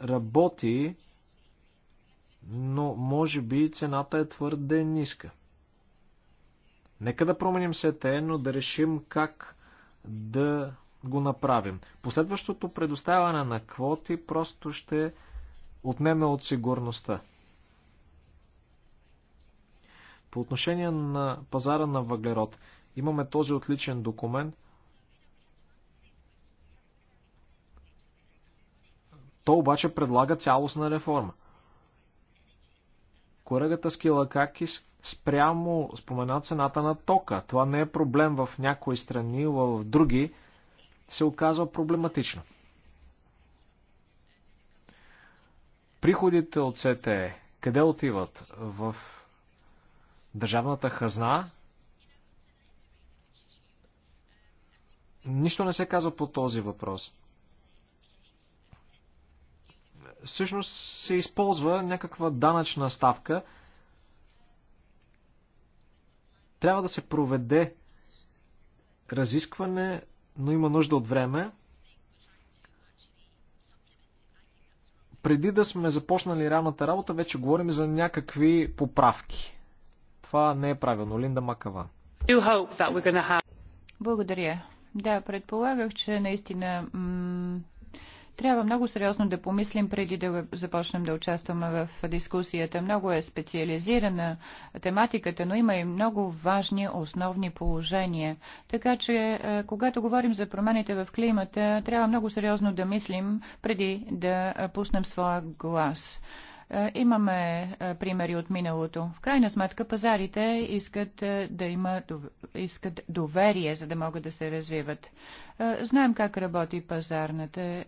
работи, но може би цената е твърде ниска. Нека да променим СТЕ, но да решим как да го направим. Последващото предоставяне на квоти просто ще отнеме от сигурността. По отношение на пазара на въглерод, имаме този отличен документ. То обаче предлага цялостна реформа. Колегата Скилакакис спрямо спомена цената на тока. Това не е проблем в някои страни, в други се оказва проблематично. Приходите от СТЕ къде отиват? В държавната хазна? Нищо не се казва по този въпрос. Всъщност се използва някаква данъчна ставка. Трябва да се проведе разискване но има нужда от време. Преди да сме започнали реалната работа, вече говорим за някакви поправки. Това не е правилно. Линда Макава. Благодаря. Да, предполагах, че наистина трябва много сериозно да помислим преди да започнем да участваме в дискусията. Много е специализирана тематиката, но има и много важни основни положения. Така че, е, когато говорим за промените в климата, трябва много сериозно да мислим преди да пуснем своя глас е, имаме е, примери от миналото. В крайна сметка пазарите искат да има искат доверие, за да могат да се развиват. Е, знаем как работи пазарната, е,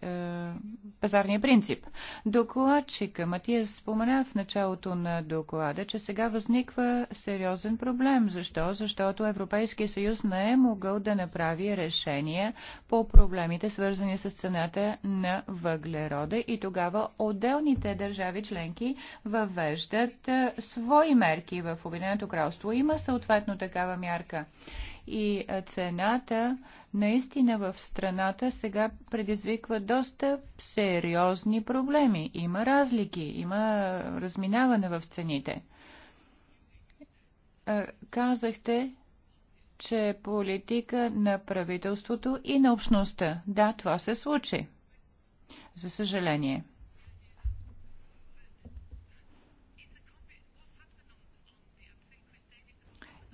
пазарния принцип. Докладчика Матия спомена в началото на доклада, че сега възниква сериозен проблем. Защо? Защото Европейския съюз не е могъл да направи решения по проблемите, свързани с цената на въглерода и тогава отделните държави членки въвеждат е, свои мерки в Обединеното кралство. Има съответно такава мярка и цената наистина в страната сега предизвиква доста сериозни проблеми. Има разлики, има разминаване в цените. Казахте, че е политика на правителството и на общността. Да, това се случи. За съжаление.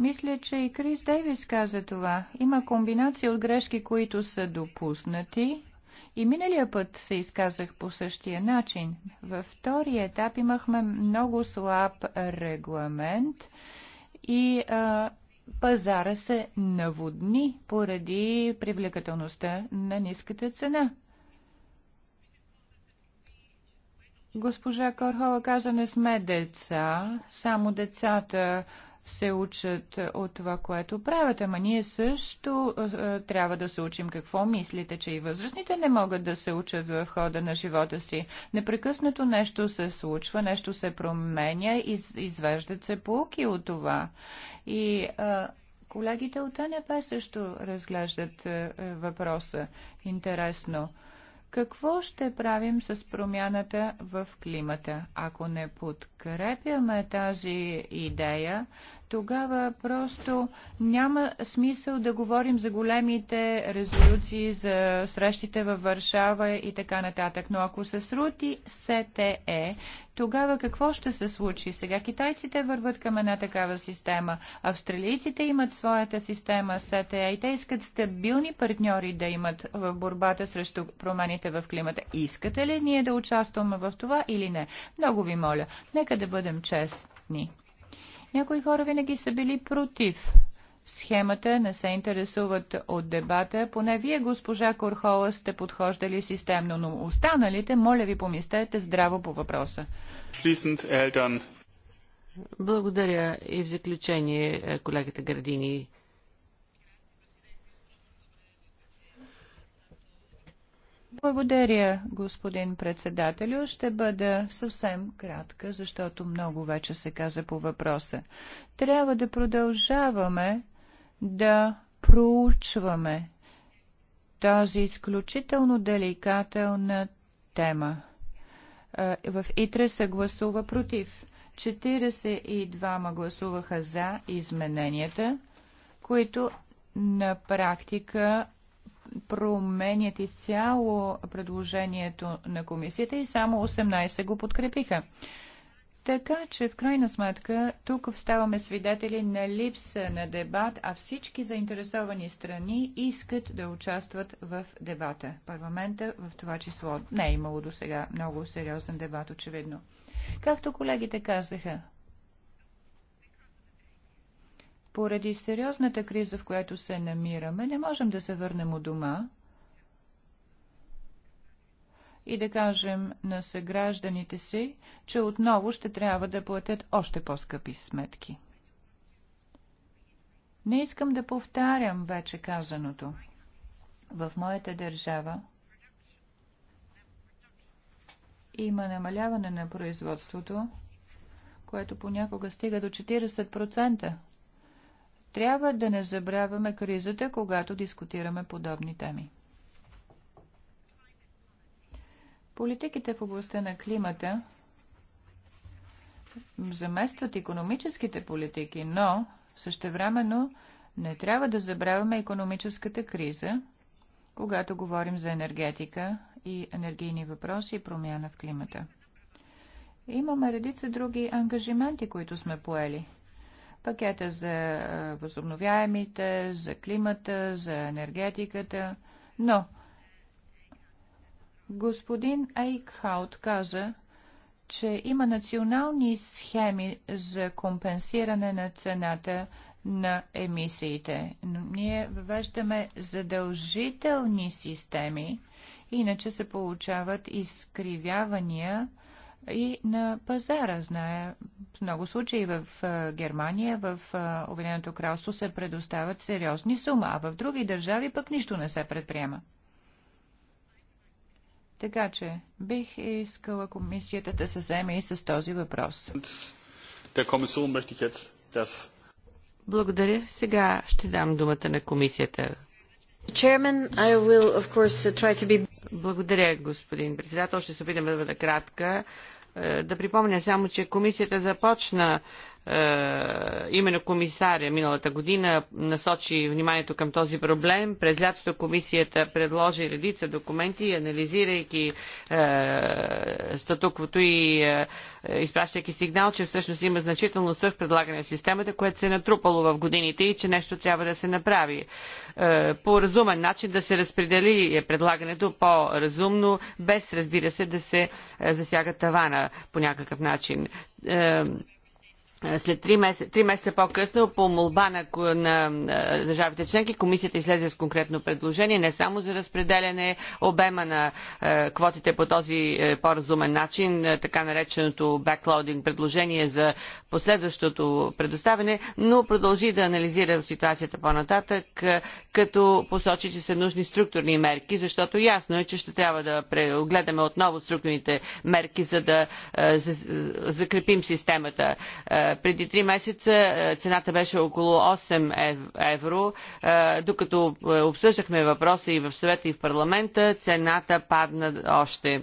Мисля, че и Крис Дейвис каза това. Има комбинация от грешки, които са допуснати. И миналия път се изказах по същия начин. Във втория етап имахме много слаб регламент и а, пазара се наводни поради привлекателността на ниската цена. Госпожа Корхова каза, не сме деца, само децата се учат от това, което правят. Ама ние също е, е, трябва да се учим какво мислите, че и възрастните не могат да се учат в хода на живота си. Непрекъснато нещо се случва, нещо се променя, из, извеждат се полки от това. И а, е, колегите от АНП също разглеждат а, е, е, въпроса. Интересно. Какво ще правим с промяната в климата? Ако не подкрепяме тази идея, тогава просто няма смисъл да говорим за големите резолюции, за срещите във Варшава и така нататък. Но ако се срути СТЕ, тогава какво ще се случи? Сега китайците върват към една такава система, австралийците имат своята система СТЕ и те искат стабилни партньори да имат в борбата срещу промените в климата. Искате ли ние да участваме в това или не? Много ви моля, нека да бъдем честни. Някои хора винаги са били против схемата, не се интересуват от дебата. Поне вие, госпожа Корхола, сте подхождали системно, но останалите, моля ви, помислете здраво по въпроса. Благодаря и в заключение колегата Градини Благодаря, господин председателю. Ще бъда съвсем кратка, защото много вече се каза по въпроса. Трябва да продължаваме да проучваме тази изключително деликателна тема. В ИТРЕ се гласува против. 42 гласуваха за измененията, които на практика променят изцяло предложението на комисията и само 18 го подкрепиха. Така че, в крайна сметка, тук ставаме свидетели на липса на дебат, а всички заинтересовани страни искат да участват в дебата. Парламента в това число не е имало до сега много сериозен дебат, очевидно. Както колегите казаха, поради сериозната криза, в която се намираме, не можем да се върнем у дома и да кажем на съгражданите си, че отново ще трябва да платят още по-скъпи сметки. Не искам да повтарям вече казаното. В моята държава има намаляване на производството, което понякога стига до 40%. Трябва да не забравяме кризата, когато дискутираме подобни теми. Политиките в областта на климата заместват економическите политики, но същевременно не трябва да забравяме економическата криза, когато говорим за енергетика и енергийни въпроси и промяна в климата. Имаме редица други ангажименти, които сме поели – пакета за възобновяемите, за климата, за енергетиката, но господин Айкхаут каза, че има национални схеми за компенсиране на цената на емисиите. Но ние въвеждаме задължителни системи, иначе се получават изкривявания и на пазара. Знае, в много случаи в Германия, в Обединеното кралство се предоставят сериозни суми, а в други държави пък нищо не се предприема. Така че бих искала комисията да се вземе и с този въпрос. Благодаря. Сега ще дам думата на комисията. Uh, Благодаря, господин председател. Ще се опитам да бъда кратка. Е, да припомня само, че комисията започна е, именно комисаря миналата година насочи вниманието към този проблем. През лятото комисията предложи редица документи, анализирайки е, статуквото и е, изпращайки сигнал, че всъщност има значително предлагане в системата, което се е натрупало в годините и че нещо трябва да се направи. по разумен начин да се разпредели предлагането по-разумно, без разбира се да се засяга тавана по някакъв начин след три месеца, месеца по-късно, по молба на, на, държавите членки, комисията излезе с конкретно предложение не само за разпределяне обема на е, квотите по този е, по-разумен начин, е, така нареченото backloading предложение за последващото предоставяне, но продължи да анализира ситуацията по-нататък, е, като посочи, че са нужни структурни мерки, защото ясно е, че ще трябва да прегледаме отново структурните мерки, за да е, е закрепим системата. Е, преди 3 месеца е, цената беше около 8 евро. Е, докато е, обсъждахме въпроса и в съвета и в парламента, цената падна още.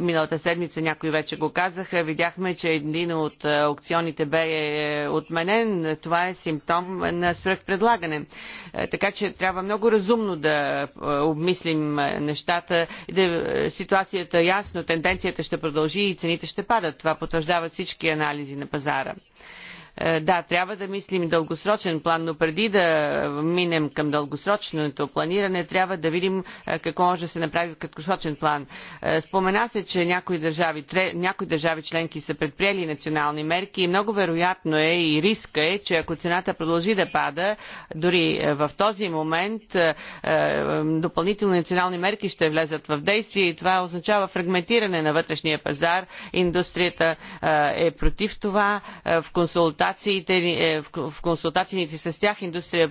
Миналата седмица някои вече го казаха. Видяхме, че един от аукционите бе е отменен. Това е симптом на свръхпредлагане. Така че трябва много разумно да обмислим нещата. ситуацията е ясно, тенденцията ще продължи и цените ще падат. Това потвърждават всички анализи на пазара. Е, да, трябва да мислим дългосрочен план, но преди да минем към дългосрочното планиране, трябва да видим е, какво може да се направи в краткосрочен план. Е, спомена се, че някои държави, някои държави членки са предприели национални мерки и много вероятно е и риска е, че ако цената продължи да пада, дори в този момент допълнителни национални мерки ще влезат в действие и това означава фрагментиране на вътрешния пазар. Индустрията е против това в консултация консултациите, е, в консултациите с тях индустрия,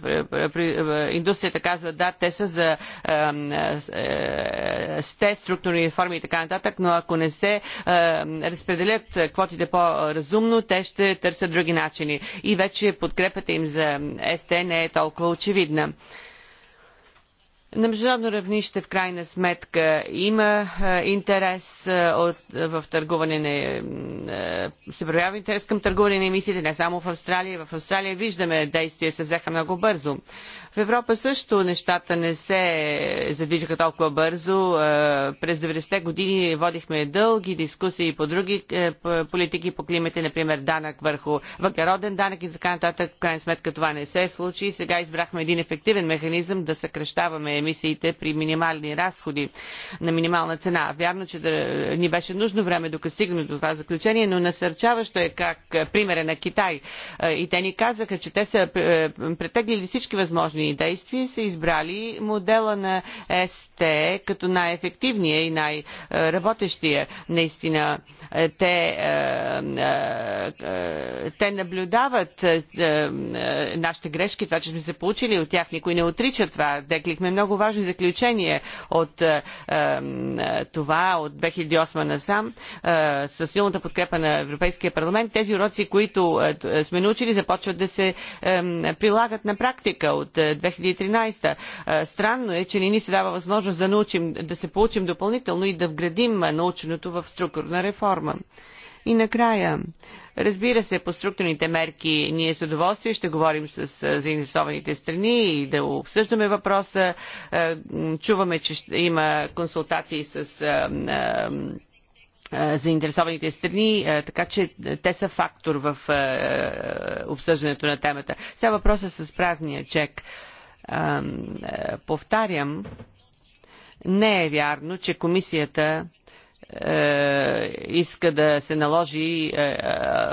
индустрията казва да, те са за сте е, структурни реформи и така нататък, но ако не се е, разпределят квотите по-разумно, те ще търсят други начини. И вече подкрепата им за СТ не е толкова очевидна. На международно равнище в крайна сметка има интерес от, в търгуване на... се проявява интерес към търгуване на емисиите, не само в Австралия. В Австралия виждаме действия се взеха много бързо. Европа също нещата не се задвижиха толкова бързо. Е, през 90-те години водихме дълги дискусии по други е, политики по климата, например данък върху въглероден данък и така нататък. В крайна сметка това не се случи. Сега избрахме един ефективен механизъм да съкрещаваме емисиите при минимални разходи на минимална цена. Вярно, че да, ни беше нужно време докато стигнем до това заключение, но насърчаващо е как примера на Китай. Е, и те ни казаха, че те са претеглили всички възможни военни действия са избрали модела на СТ като най-ефективния и най-работещия. Наистина, е, те, е, е, те наблюдават нашите грешки, това, че сме се получили от тях. Никой не отрича това. Деклихме много важни заключения от това, от 2008 насам, с силната подкрепа на Европейския парламент. Тези уроци, които сме научили, започват да се прилагат на практика от 2013. Странно е, че не ни се дава възможност да, научим, да се получим допълнително и да вградим наученото в структурна реформа. И накрая, разбира се, по структурните мерки ние с удоволствие ще говорим с заинтересованите страни и да обсъждаме въпроса. Чуваме, че има консултации с е, заинтересованите страни, е, така че е, те са фактор в обсъждането на темата. Сега въпроса с празния чек. Повтарям, не е вярно, че комисията е, иска да се наложи е, е,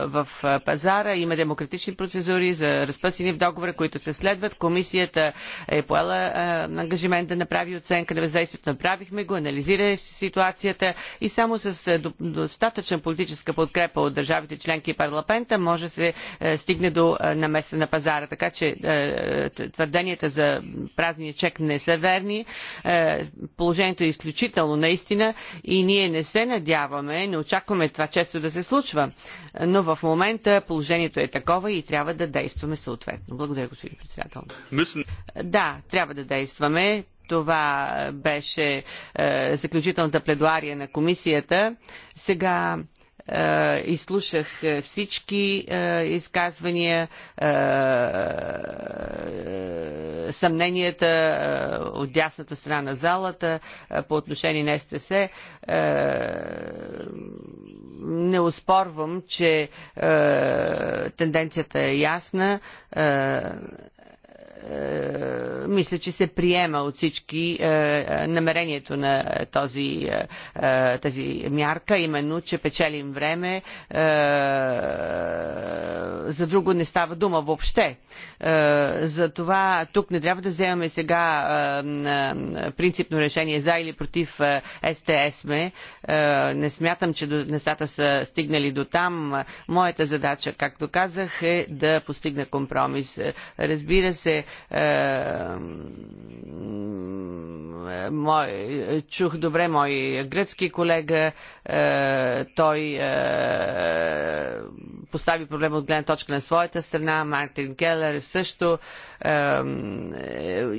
в пазара. Има демократични процедури за разпъсени в договора, които се следват. Комисията е поела ангажимент да направи оценка на въздействието. Направихме го, анализира ситуацията и само с достатъчна политическа подкрепа от държавите членки и парламента може се стигне до намеса на пазара. Така че твърденията за празния чек не са верни. Положението е изключително наистина и ние не се надяваме, не очакваме това често да се случва, но в момента положението е такова и трябва да действаме съответно. Благодаря, господин председател. Мисъл... Да, трябва да действаме. Това беше е, заключителната пледуария на комисията. Сега е, изслушах е, всички е, изказвания, съмненията от дясната страна на залата по отношение на СТС. Не успорвам, че тенденцията е ясна е, мисля, че се приема от всички е, намерението на този, е, тази мярка, именно, че печелим време, за друго не става дума въобще. За това тук не трябва да вземаме сега принципно решение за или против СТСМ. Не смятам, че нещата са стигнали до там. Моята задача, както казах, е да постигна компромис. Разбира се, е, мой, чух добре мой гръцки колега, е, той е, постави проблема от гледна точка на своята страна, Мартин Келер също,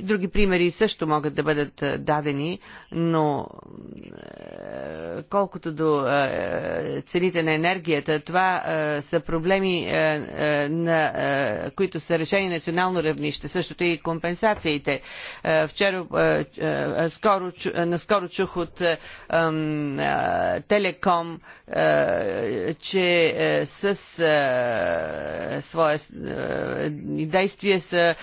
други примери също могат да бъдат дадени но е, колкото до е, цените на енергията, това е, са проблеми, на, които са решени национално равнище. Същото и компенсациите. Вчера, скоро, наскоро чух от Телеком, че с своя действие са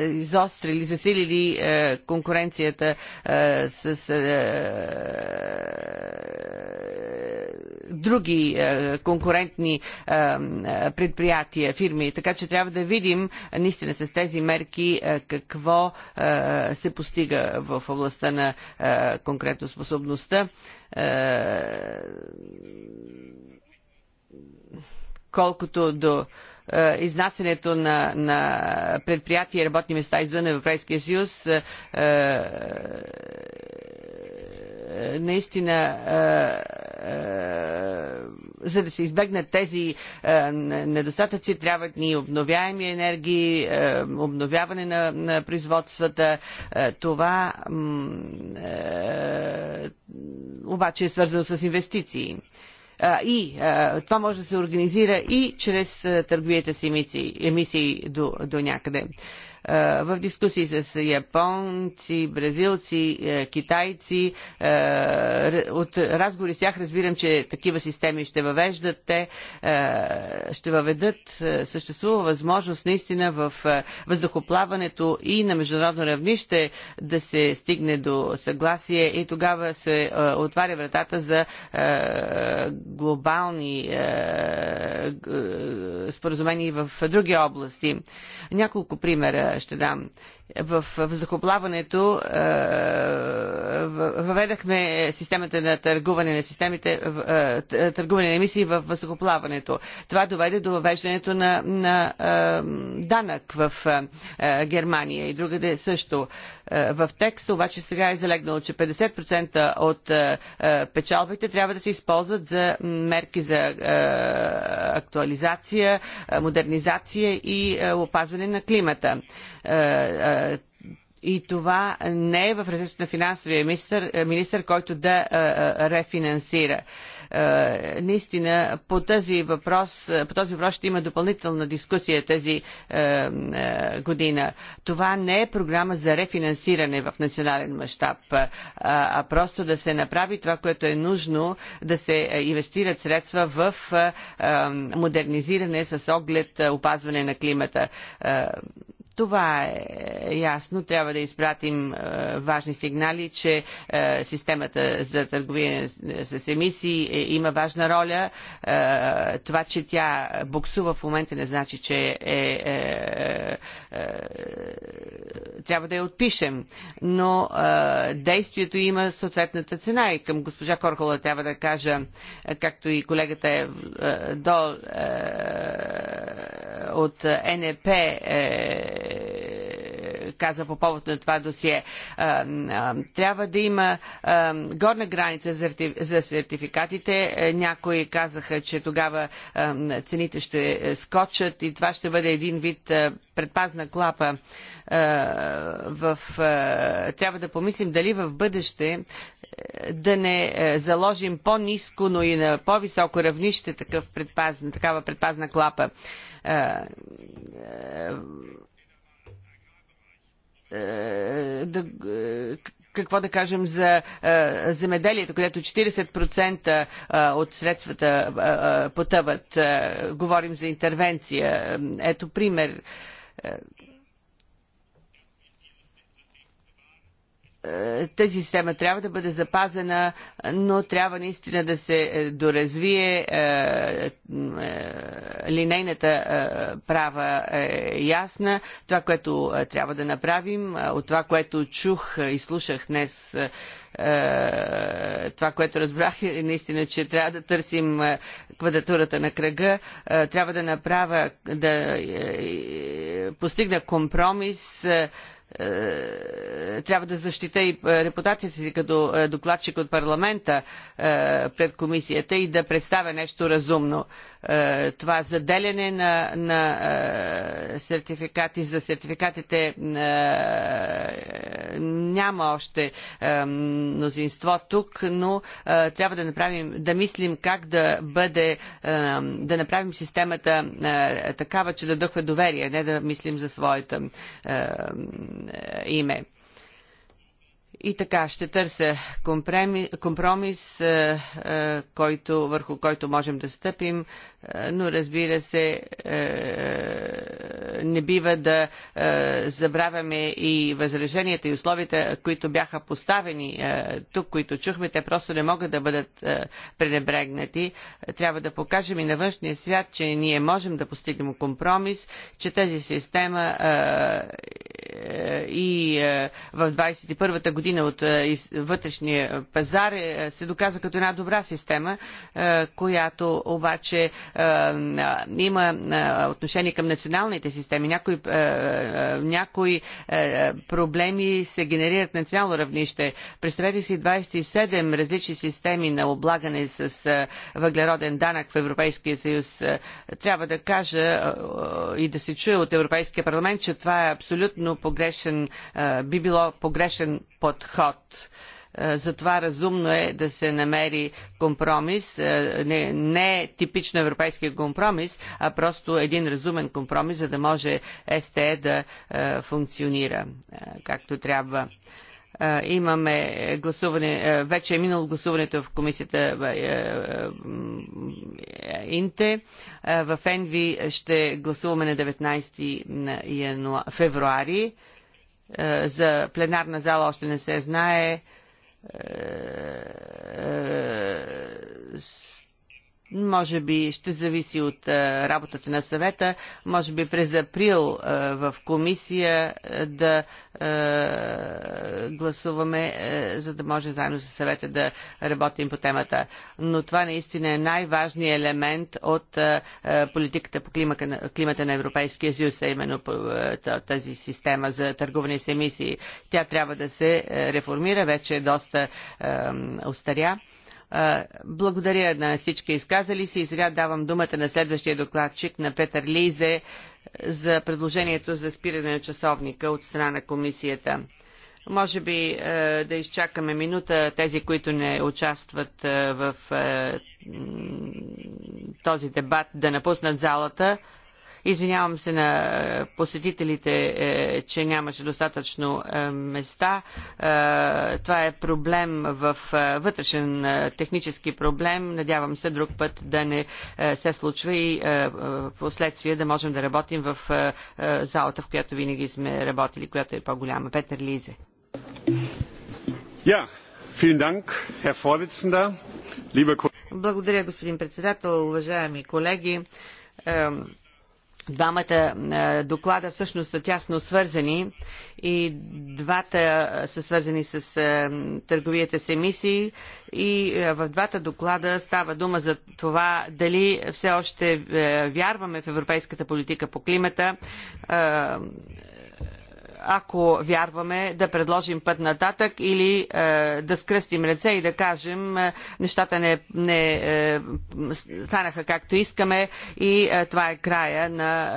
изострили, засилили конкуренция комисията а, с а, други а, конкурентни а, предприятия, фирми. Така че трябва да видим наистина с тези мерки а, какво а, се постига в областта на а, конкретно способността. А, колкото до а, е, изнасянето на, на предприятия и работни места извън Европейския съюз е, е, наистина за да се избегнат тези недостатъци, трябват ни обновяеми енергии, обновяване на, на производствата. Това обаче е свързано с инвестиции и това може да се организира и чрез търговията с емисии, емисии до, до някъде в дискусии с японци, бразилци, китайци. От разговори с тях разбирам, че такива системи ще въвеждат. Те ще въведат. Съществува възможност наистина в въздухоплаването и на международно равнище да се стигне до съгласие и тогава се отваря вратата за глобални е, споразумения и в други области. Няколко примера ще дам в въздухоплаването е, въведахме системата на търгуване на системите, е, е, търгуване на емисии в въздухоплаването. Това доведе до въвеждането на, на данък в Германия и другаде също. В текста обаче сега е залегнало, че 50% от печалбите трябва да се използват за мерки за актуализация, модернизация и опазване на климата. Е, е, и това не е в резервите на финансовия министр, е, министр който да рефинансира наистина по този въпрос, по този въпрос ще има допълнителна дискусия тази година. Това не е програма за рефинансиране в национален мащаб, а, а просто да се направи това, което е нужно, да се инвестират средства в модернизиране с оглед опазване на климата това е ясно. Трябва да изпратим е, важни сигнали, че е, системата за търговия с емисии е, има важна роля. това, че тя буксува в момента не значи, че е трябва да я отпишем, но а, действието има съответната цена и към госпожа Корхола трябва да кажа, както и колегата е, а, до, а, от НЕП е, каза по повод на това досие. Трябва да има горна граница за сертификатите. Е, някои казаха, че тогава цените ще е, скочат и това ще бъде един вид предпазна клапа в, трябва да помислим дали в бъдеще е, да не заложим по-низко, но и на по-високо равнище такъв предпазна, такава предпазна клапа е, да, е, какво да кажем за е, земеделието, където 40% от средствата потъват. говорим за интервенция. Ето пример. Е, тази система трябва да бъде запазена, но трябва наистина да се е, доразвие. Е, линейната права е ясна. Това, което трябва да направим, от това, което чух и слушах днес, това, което разбрах е наистина, че трябва да търсим квадратурата на кръга, трябва да направя, да постигна компромис, е, трябва да защита и е, репутацията си като е, докладчик от парламента пред комисията и да представя нещо разумно. Е, това заделяне на, на е, сертификати. За сертификатите е, няма още мнозинство тук, но трябва да направим, да мислим как да бъде, да направим системата такава, че да дъхва доверие, не да мислим за своето име. И така, ще търся компромис, който, върху който можем да стъпим, е, но разбира се, е, е, не бива да забравяме и възраженията и условията, които бяха поставени тук, които чухме, те просто не могат да бъдат пренебрегнати. Трябва да покажем и на външния свят, че ние можем да постигнем компромис, че тази система и в 21-та година от вътрешния пазар се доказва като една добра система, която обаче е, е, има е, отношение към националните системи. Някои, някои проблеми се генерират на национално равнище. Представете си 27 различни системи на облагане с въглероден данък в Европейския съюз. Трябва да кажа и да се чуе от Европейския парламент, че това е абсолютно погрешен, би било погрешен подход. Е, затова разумно е да се намери компромис, е, не, не типично европейски компромис, а просто един разумен компромис, за да може СТЕ да е, функционира както трябва имаме гласуване, вече е минало гласуването в комисията Инте. В Енви ще гласуваме на 19 февруари. За пленарна зала още не се знае. Eh, eh, може би ще зависи от е, работата на съвета. Може би през април е, в комисия е, да гласуваме, за да може заедно с съвета да работим по темата. Но това наистина е най-важният елемент от политиката по климата на Европейския съюз, а именно тази система за търговане с емисии. Тя трябва да се реформира, вече е доста устаря. Благодаря на всички изказали се и сега давам думата на следващия докладчик на Петър Лизе за предложението за спиране на часовника от страна на комисията. Може би е, да изчакаме минута тези, които не участват е, в е, този дебат, да напуснат залата. Извинявам се на е, посетителите, е, че нямаше достатъчно е, места. Това е проблем в вътрешен технически проблем. Надявам се друг път да не се случва и последствие да можем да работим в залата, в която винаги сме работили, която е по-голяма. Петър Лизе. Yeah. Благодаря, господин председател. Уважаеми колеги, Двамата е, доклада всъщност са тясно свързани и двата са свързани с е, търговията с емисии и е, в двата доклада става дума за това дали все още вярваме в европейската политика по климата ако вярваме, да предложим път нататък или е, да скръстим ръце и да кажем е, нещата не, не е, станаха както искаме и е, това е края на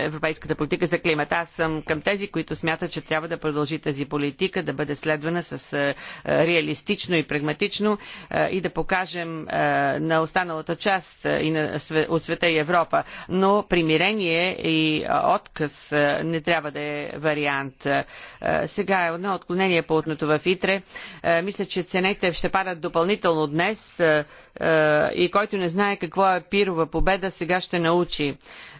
е, европейската политика за климата. Аз съм към тези, които смятат, че трябва да продължи тази политика, да бъде следвана с е, реалистично и прагматично е, и да покажем е, на останалата част е, и на, от света и Европа. Но примирение и е, отказ е, не трябва да е вариант вариант. Е, сега е едно отклонение по отното в Итре. Е, мисля, че цените ще падат допълнително днес е, и който не знае какво е пирова победа, сега ще научи.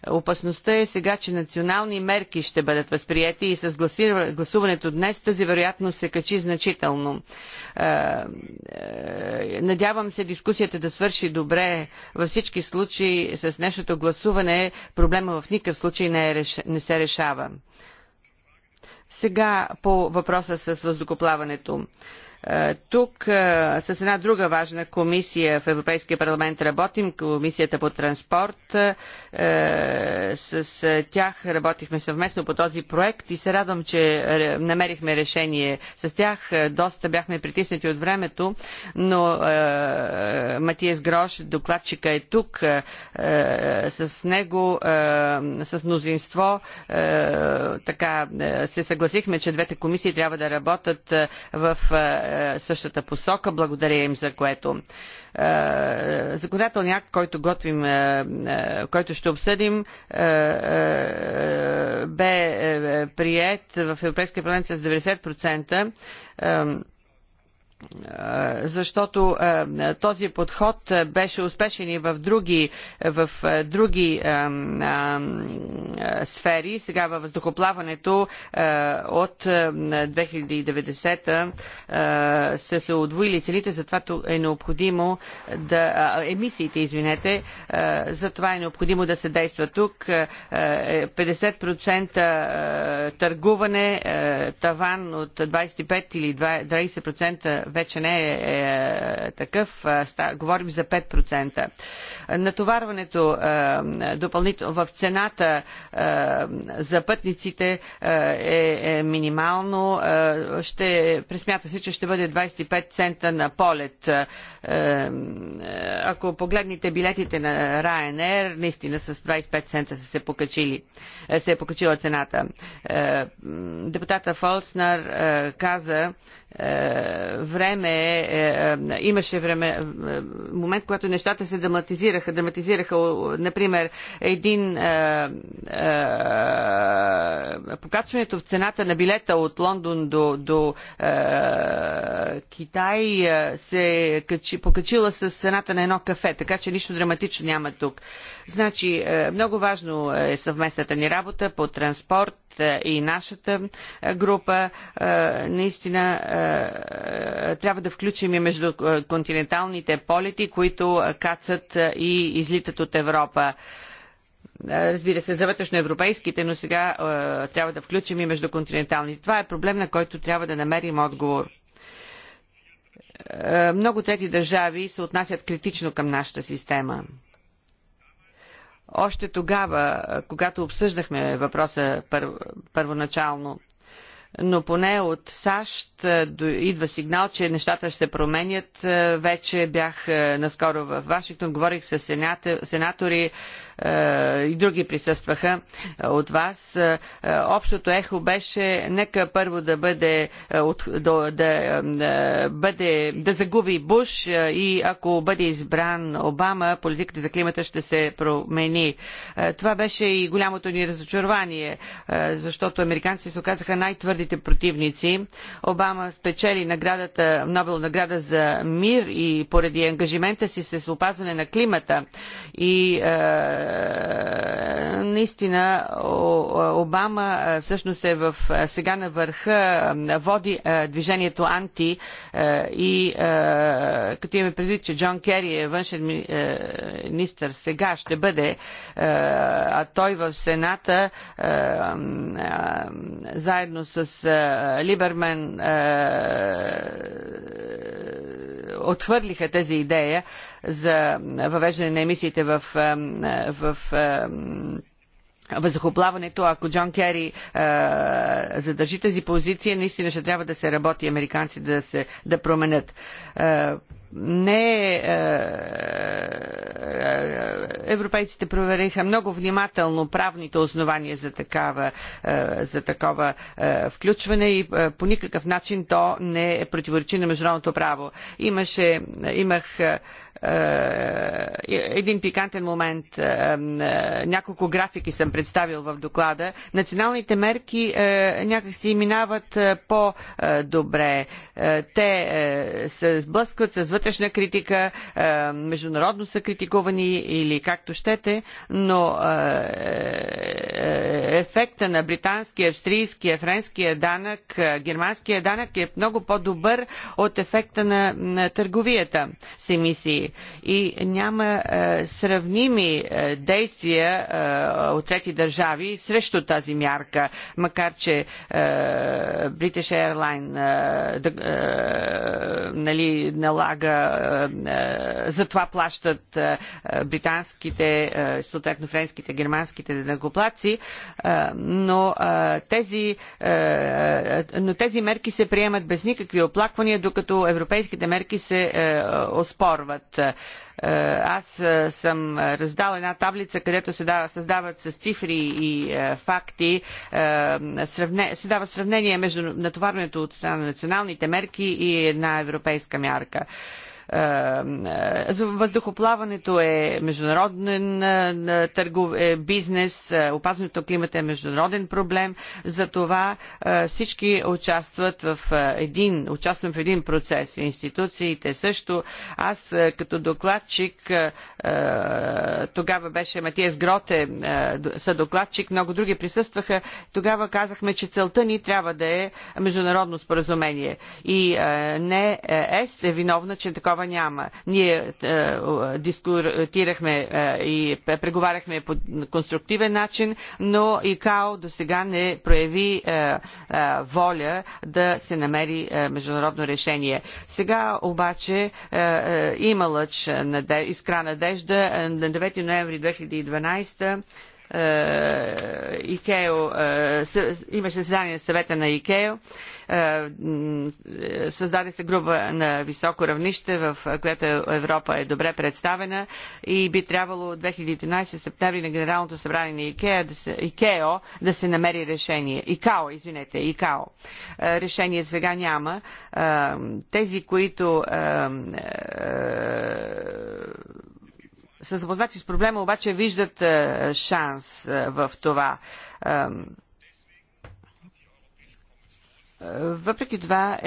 Опасността е сега, че национални мерки ще бъдат възприяти и с гласуването днес тази вероятност се качи значително. Надявам се дискусията да свърши добре. Във всички случаи с днешното гласуване проблема в никакъв случай не, е, не се решава. Сега по въпроса с въздухоплаването. Е, тук е, с една друга важна комисия в Европейския парламент работим, комисията по транспорт. Е, с тях работихме съвместно по този проект и се радвам, че намерихме решение. С тях доста бяхме притиснати от времето, но Матиес Грош, докладчика е тук. С него, с мнозинство, така се съгласихме, че двете комисии трябва да работят в е, същата посока. Благодаря им за което. Е, законодателният акт, който готвим, е, който ще обсъдим, бе прият в Европейския парламент с 90% защото този подход беше успешен и в други, в други сфери. Сега във въздухоплаването от 2090 са се удвоили цените, затова е необходимо да... емисиите, извинете, затова е необходимо да се действа тук. 50% е, търгуване, таван от 25 или 20% вече не е, е такъв. Ста, говорим за 5%. Натоварването е, допълнително в цената е, за пътниците е, е минимално. Е, ще, пресмята се, че ще бъде 25 цента на полет. Е, ако погледнете билетите на Ryanair, наистина с 25 цента са се покачили, е, се е покачила цената. Е, депутата Фолснар е, каза, е, време, е, е, имаше време, момент, когато нещата се драматизираха. Драматизираха, например, един покачването в цената на билета от Лондон до, до Китай се качи, покачила с цената на едно кафе, така че нищо драматично няма тук. Значи, много важно е съвместната ни работа по транспорт и нашата група. Наистина, е, трябва да включим и междуконтиненталните е, полети, които кацат е, и излитат от Европа. Разбира се, за вътрешноевропейските, но сега е, трябва да включим и междуконтиненталните. Това е проблем, на който трябва да намерим отговор. Е, много трети държави се отнасят критично към нашата система. Още тогава, когато обсъждахме въпроса пър, първоначално, но поне от САЩ е, идва сигнал, че нещата ще се променят. Е, вече бях е, наскоро в Вашингтон, говорих с сенатори, е, и други присъстваха е, от вас. Е, общото ехо беше нека първо да бъде да, да, бъде, да загуби Буш и ако бъде избран Обама, политиката за климата ще се промени. Това беше и голямото ни разочарование, защото американците се оказаха най-твърдите противници. Обама спечели наградата, Нобел награда за мир и поради ангажимента си с опазване на климата и наистина Обама всъщност е в, сега на върха, води движението анти и като имаме предвид, че Джон Кери е външен министр сега ще бъде, а той в Сената заедно с Либермен отхвърлиха тази идея за въвеждане на емисиите в, в, в въздухоплаването, ако Джон Кери а, е, задържи тази позиция, наистина ще трябва да се работи американци да, се, да променят. А, е, не е, е, е, европейците провериха много внимателно правните основания за, такава, е, за такова включване и по никакъв начин то не е противоречи на международното право. Имаше, имах е, е, един пикантен момент. Е, няколко графики съм представил в доклада. Националните мерки някак си минават по-добре. Те се сблъскват с вътрешна критика, международно са критикувани или както щете, но ефекта на британския, австрийския, френския данък, германския данък е много по-добър от ефекта на, на търговията с емисии и няма е, сравними е, действия е, от трети държави срещу тази мярка, макар че е, British Airline е, е, нали, налага, е, е за това плащат е, е, британските, е, съответно френските, германските дънакоплаци, е, но, е, тези, е, е, но тези мерки се приемат без никакви оплаквания, докато европейските мерки се е, оспорват. Е, аз е, съм раздал една таблица, където се дава, създават с цифри и е, факти, се дава сравнение между натоварването от страна на националните мерки и една европейска мярка. Е, е, въздухоплаването е международен е, търгов, е бизнес, опазването на климата е международен проблем, затова всички участват в един, участвам в един процес, институциите също. Аз като докладчик, тогава беше Матиес Гроте, са докладчик, много други присъстваха, тогава казахме, че целта ни трябва да е международно споразумение. И не ЕС е виновна, че такова такава няма. Ние е, е, дискутирахме е, и преговаряхме по конструктивен начин, но ИКАО до сега не прояви е, е, воля да се намери е, международно решение. Сега обаче е, е, има лъч наде... искра надежда. На 9 ноември 2012 е, ИКЕО, е, имаше заседание на съвета на ИКЕО е, създаде се група на високо равнище, в която Европа е добре представена и би трябвало 2013 септември на Генералното събрание на ИКЕО да се, ИКЕО да се намери решение. ИКАО, извинете, ИКАО. Е, решение сега няма. Е, тези, които са запознати с проблема, обаче виждат шанс в това. Въпреки това,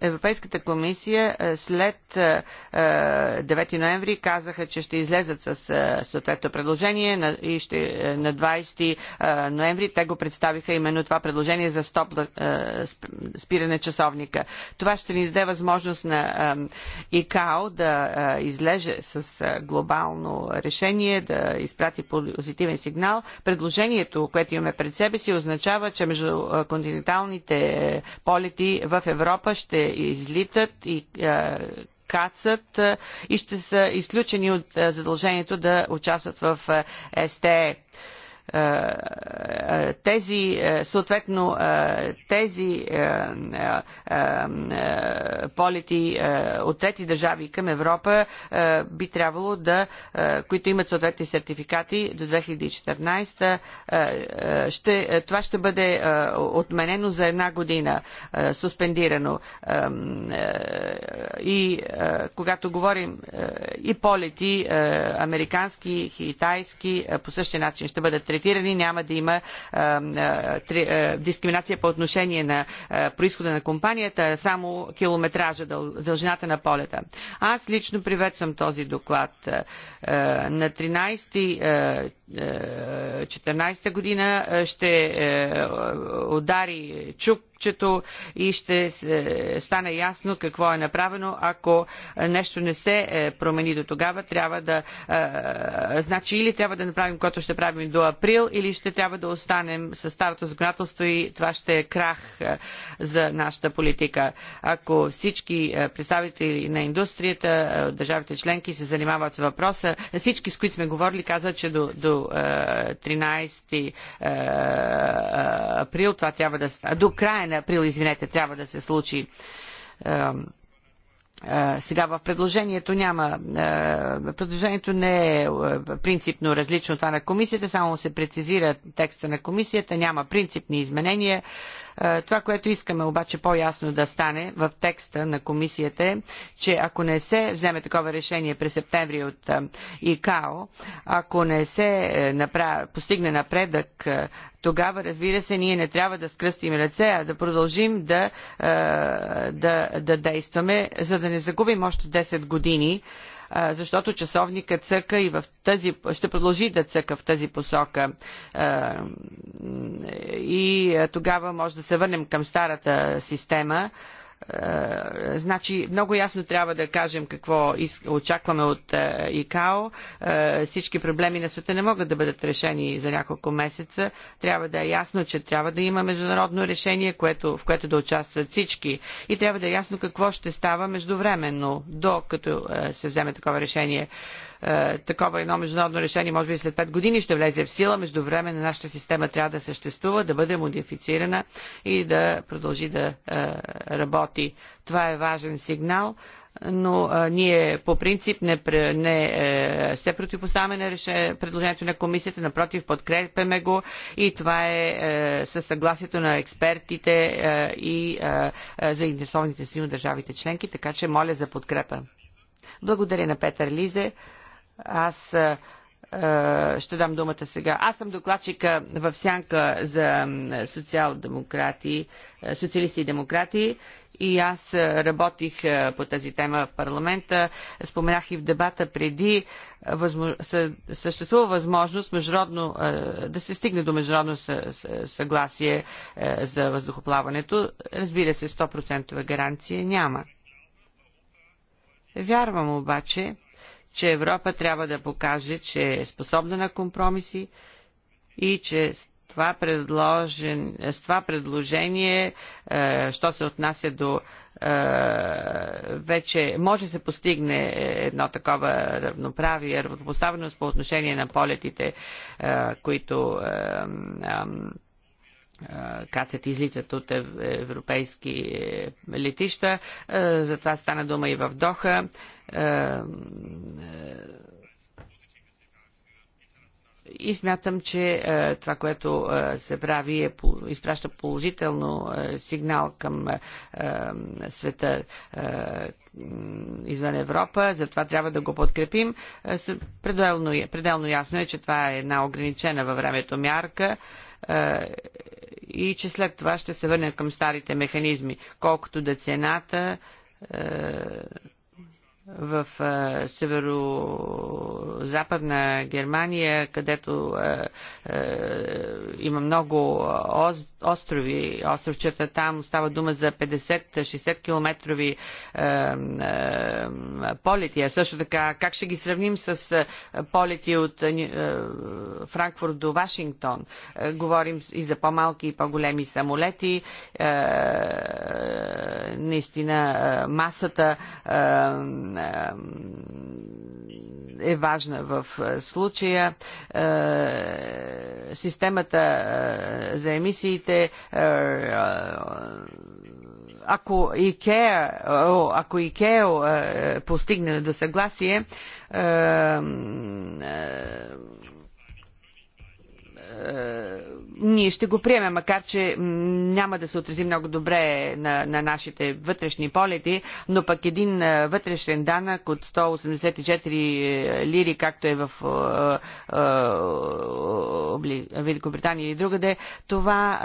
Европейската комисия е, след 9 е, е, ноември казаха, че ще излезат с съответно предложение и ще, на 20 ноември те го представиха именно това предложение за стоп спиране часовника. Това ще ни даде възможност на ИКАО да излеже с глобално решение, да изпрати позитивен сигнал. Предложението, което имаме пред себе си, означава, че между континенталните полети в Европа ще излитат и е, кацат е, и ще са изключени от е, задължението да участват в СТЕ. Е, е, тези, е, съответно, тези полети от трети държави към Европа би трябвало да, които имат съответни сертификати до 2014, ще, това ще бъде отменено за една година, суспендирано. И когато говорим и полети, американски, китайски, по същия начин ще бъдат третирани, няма да има дискриминация по отношение на происхода на компанията, само километража, дължината на полета. Аз лично приветствам този доклад. На 13-14 година ще удари чук копчето и ще е, стане ясно какво е направено. Ако нещо не се е, промени до тогава, трябва да. Е, значи или трябва да направим, което ще правим до април, или ще трябва да останем с старото законодателство и това ще е крах за нашата политика. Ако всички представители на индустрията, държавите членки се занимават с въпроса, всички с които сме говорили казват, че до, до 13 април това трябва да. стане До края края на април, извинете, трябва да се случи сега в предложението няма. Предложението не е, е принципно различно от това на комисията, само се прецизира текста на комисията, няма принципни изменения. Е, това, което искаме обаче по-ясно да стане в текста на комисията е, че ако не се вземе такова решение през септември от е, ИКАО, ако не се е, направ... постигне напредък тогава, разбира се, ние не трябва да скръстим ръце, а да продължим да, да, да действаме, за да не загубим още 10 години защото часовника цъка и в тази, ще продължи да цъка в тази посока. И тогава може да се върнем към старата система, е, значи много ясно трябва да кажем какво очакваме от е, ИКАО. Е, всички проблеми на света не могат да бъдат решени за няколко месеца. Трябва да е ясно, че трябва да има международно решение, което, в което да участват всички. И трябва да е ясно какво ще става междувременно, докато се вземе такова решение. Е, такова едно международно решение, може би след 5 години ще влезе в сила. Между време на нашата система трябва да съществува, да бъде модифицирана и да продължи да е, работи. Това е важен сигнал но а, е, ние по принцип не, не е, се противопоставяме на реше, предложението на комисията, напротив, подкрепяме го и това е, е със съгласието на експертите е, и е, е, заинтересованите си на държавите членки, така че моля за подкрепа. Благодаря на Петър Лизе. Аз ще дам думата сега. Аз съм докладчика в сянка за социал-демократи, социалисти и демократи и аз работих по тази тема в парламента. Споменах и в дебата преди, съществува възможност международно, да се стигне до международно съгласие за въздухоплаването. Разбира се, 100% гаранция няма. Вярвам обаче, че Европа трябва да покаже, че е способна на компромиси и че с това, предложен, с това предложение, е, що се отнася до е, вече може да се постигне едно такова равноправие, равнопоставеност по отношение на полетите, е, които е, е, кацат излитат от европейски е, летища. Е, за това стана дума и в Доха. Е, е, и смятам, че е, това, което се прави, е, изпраща положително сигнал към света извън Европа, затова трябва да го подкрепим. пределно, пределно ясно е, че това е една ограничена във времето мярка и че след това ще се върнем към старите механизми, колкото да цената в а, северо-западна Германия, където а, а, има много острови, островчета там, става дума за 50-60 километрови полети. А също така, как ще ги сравним с полети от а, Франкфурт до Вашингтон? А, говорим и за по-малки и по-големи самолети. А, наистина, а, масата а, е важна в е, случая. Е, системата е, за емисиите ако Икеа, ако Икео постигне до съгласие, е, ние ще го приемем, макар че няма да се отрази много добре на, на нашите вътрешни полети, но пък един е, вътрешен данък от 184 е, лири, както е в Великобритания и другаде, това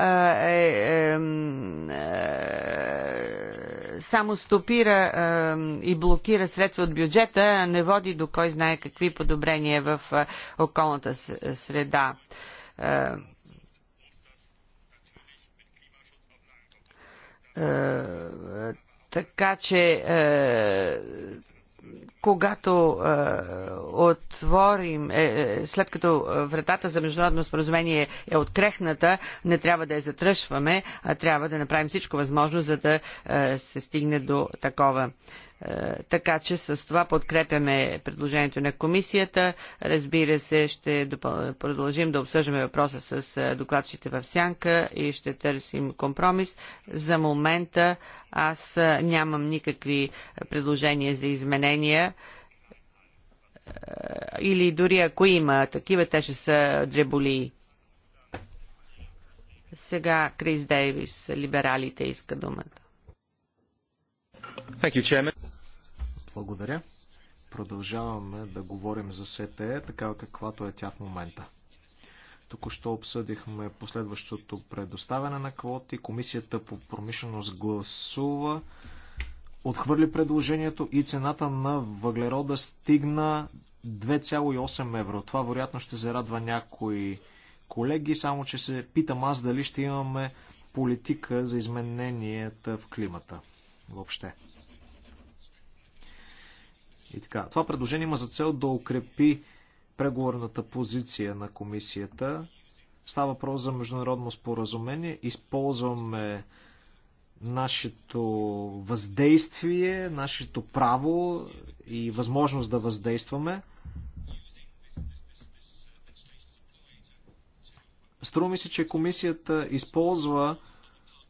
е, само стопира и блокира средства от бюджета, не води до кой знае какви подобрения в околната среда. Е, е, така че е, когато е, отворим, е, след като вратата за международно споразумение е открехната, не трябва да я затръшваме, а трябва да направим всичко възможно, за да е, се стигне до такова е, така че с това подкрепяме предложението на комисията. Разбира се, ще продължим да обсъждаме въпроса с е, докладчите в сянка и ще търсим компромис. За момента аз е, нямам никакви предложения за изменения или дори ако има такива, те ще са дреболии. Сега Крис Дейвис, либералите, иска думата. Благодаря. Продължаваме да говорим за СТЕ, такава каквато е тя в момента. Току-що обсъдихме последващото предоставяне на квоти. Комисията по промишленост гласува, отхвърли предложението и цената на въглерода стигна 2,8 евро. Това вероятно ще зарадва някои колеги, само че се питам аз дали ще имаме политика за измененията в климата въобще. И така, това предложение има за цел да укрепи преговорната позиция на комисията. Става въпрос за международно споразумение. Използваме нашето въздействие, нашето право и възможност да въздействаме. Струва ми се, че комисията използва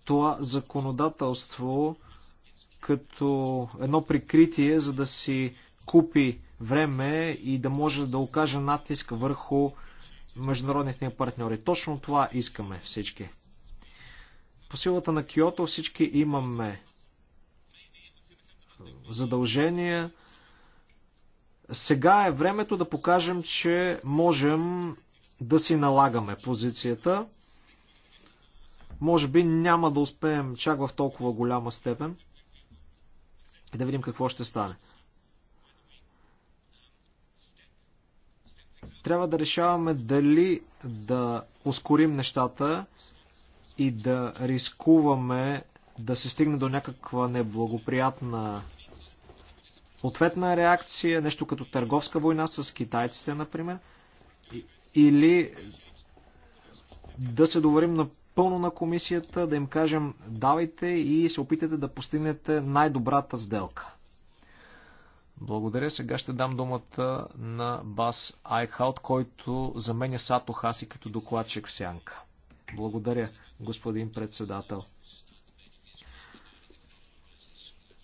това законодателство като едно прикритие, за да си купи време и да може да окаже натиск върху международните ни партньори. Точно това искаме всички. По силата на Киото всички имаме задължения. Сега е времето да покажем, че можем да си налагаме позицията. Може би няма да успеем чак в толкова голяма степен и да видим какво ще стане. Трябва да решаваме дали да ускорим нещата и да рискуваме да се стигне до някаква неблагоприятна ответна реакция, нещо като търговска война с китайците, например, или да се доверим на пълно на комисията, да им кажем давайте и се опитайте да постигнете най-добрата сделка. Благодаря. Сега ще дам думата на Бас Айхаут, който заменя Сато Хаси като докладчик в сянка. Благодаря, господин председател.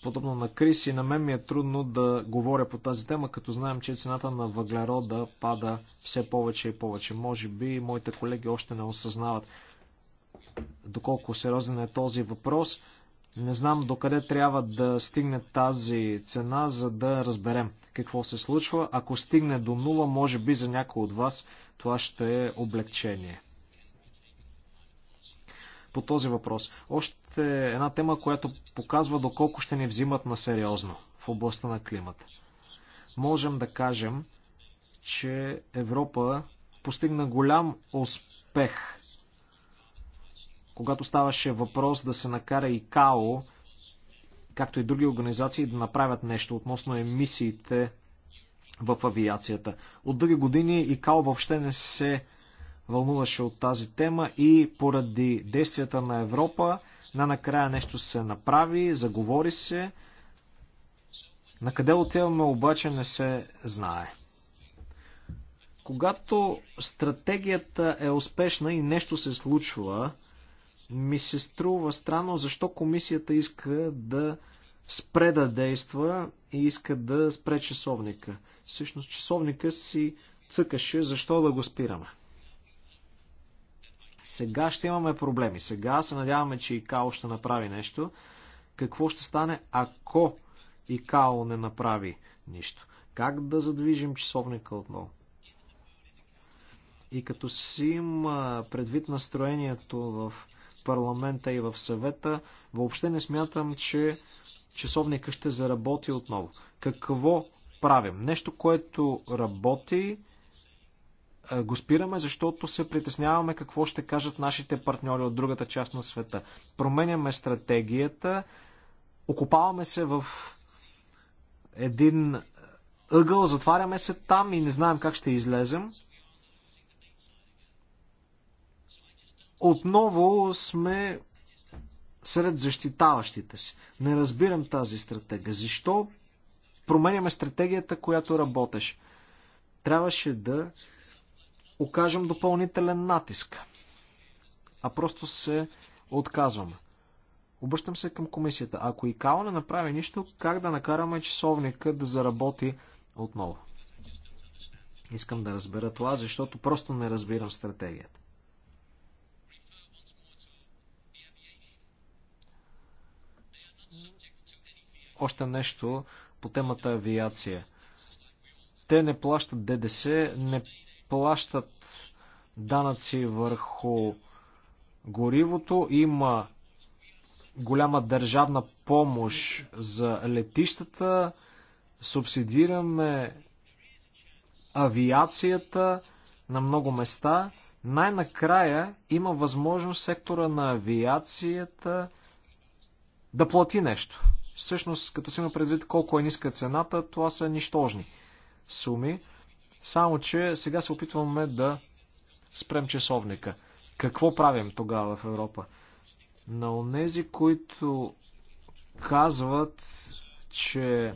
Подобно на Крис и на мен ми е трудно да говоря по тази тема, като знаем, че цената на въглерода пада все повече и повече. Може би моите колеги още не осъзнават доколко сериозен е този въпрос. Не знам докъде трябва да стигне тази цена, за да разберем какво се случва. Ако стигне до нула, може би за някой от вас това ще е облегчение. По този въпрос. Още една тема, която показва доколко ще ни взимат на сериозно в областта на климата. Можем да кажем, че Европа постигна голям успех когато ставаше въпрос да се накара и КАО, както и други организации, да направят нещо относно емисиите в авиацията. От дълги години ИКАО въобще не се вълнуваше от тази тема и поради действията на Европа, на накрая нещо се направи, заговори се. На къде отиваме обаче не се знае. Когато стратегията е успешна и нещо се случва, ми се струва странно защо комисията иска да спре да действа и иска да спре часовника. Всъщност часовника си цъкаше, защо да го спираме. Сега ще имаме проблеми. Сега се надяваме, че ИКАО ще направи нещо. Какво ще стане, ако ИКАО не направи нищо? Как да задвижим часовника отново? И като си има предвид настроението в парламента и в съвета. Въобще не смятам, че часовника ще заработи отново. Какво правим? Нещо, което работи, го спираме, защото се притесняваме какво ще кажат нашите партньори от другата част на света. Променяме стратегията, окупаваме се в един ъгъл, затваряме се там и не знаем как ще излезем. отново сме сред защитаващите си. Не разбирам тази стратегия. Защо променяме стратегията, която работеше? Трябваше да окажем допълнителен натиск, а просто се отказваме. Обръщам се към комисията. Ако и Као не направи нищо, как да накараме часовника да заработи отново? Искам да разбера това, защото просто не разбирам стратегията. Още нещо по темата авиация. Те не плащат ДДС, не плащат данъци върху горивото. Има голяма държавна помощ за летищата. Субсидираме авиацията на много места. Най-накрая има възможност сектора на авиацията да плати нещо. Всъщност, като си има предвид колко е ниска цената, това са нищожни суми. Само, че сега се опитваме да спрем часовника. Какво правим тогава в Европа? На онези, които казват, че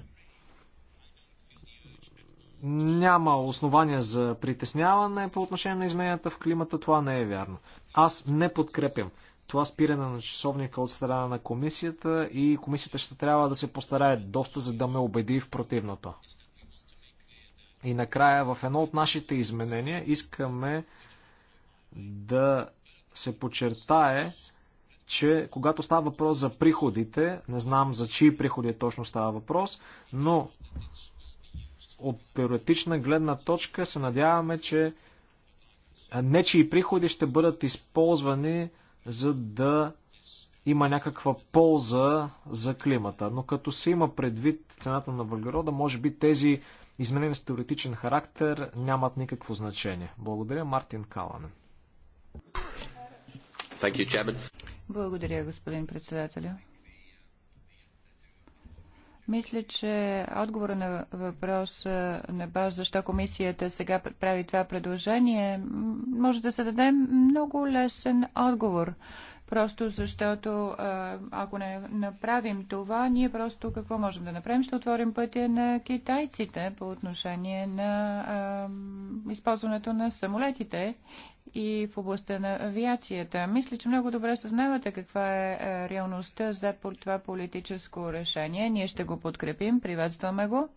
няма основания за притесняване по отношение на измененията в климата, това не е вярно. Аз не подкрепям това спиране на часовника от страна на комисията и комисията ще трябва да се постарае доста, за да ме убеди в противното. И накрая в едно от нашите изменения искаме да се подчертае, че когато става въпрос за приходите, не знам за чии приходи точно става въпрос, но от теоретична гледна точка се надяваме, че нечии приходи ще бъдат използвани за да има някаква полза за климата. Но като се има предвид цената на въглерода, може би тези изменени с теоретичен характер нямат никакво значение. Благодаря, Мартин Калан. Благодаря, господин председателя. Мисля, че отговора на въпроса на база защо комисията сега прави това предложение, може да се даде много лесен отговор. Просто защото ако не направим това, ние просто какво можем да направим? Ще отворим пътя на китайците по отношение на а, използването на самолетите и в областта на авиацията. Мисля, че много добре съзнавате каква е реалността за това политическо решение. Ние ще го подкрепим, приветстваме го.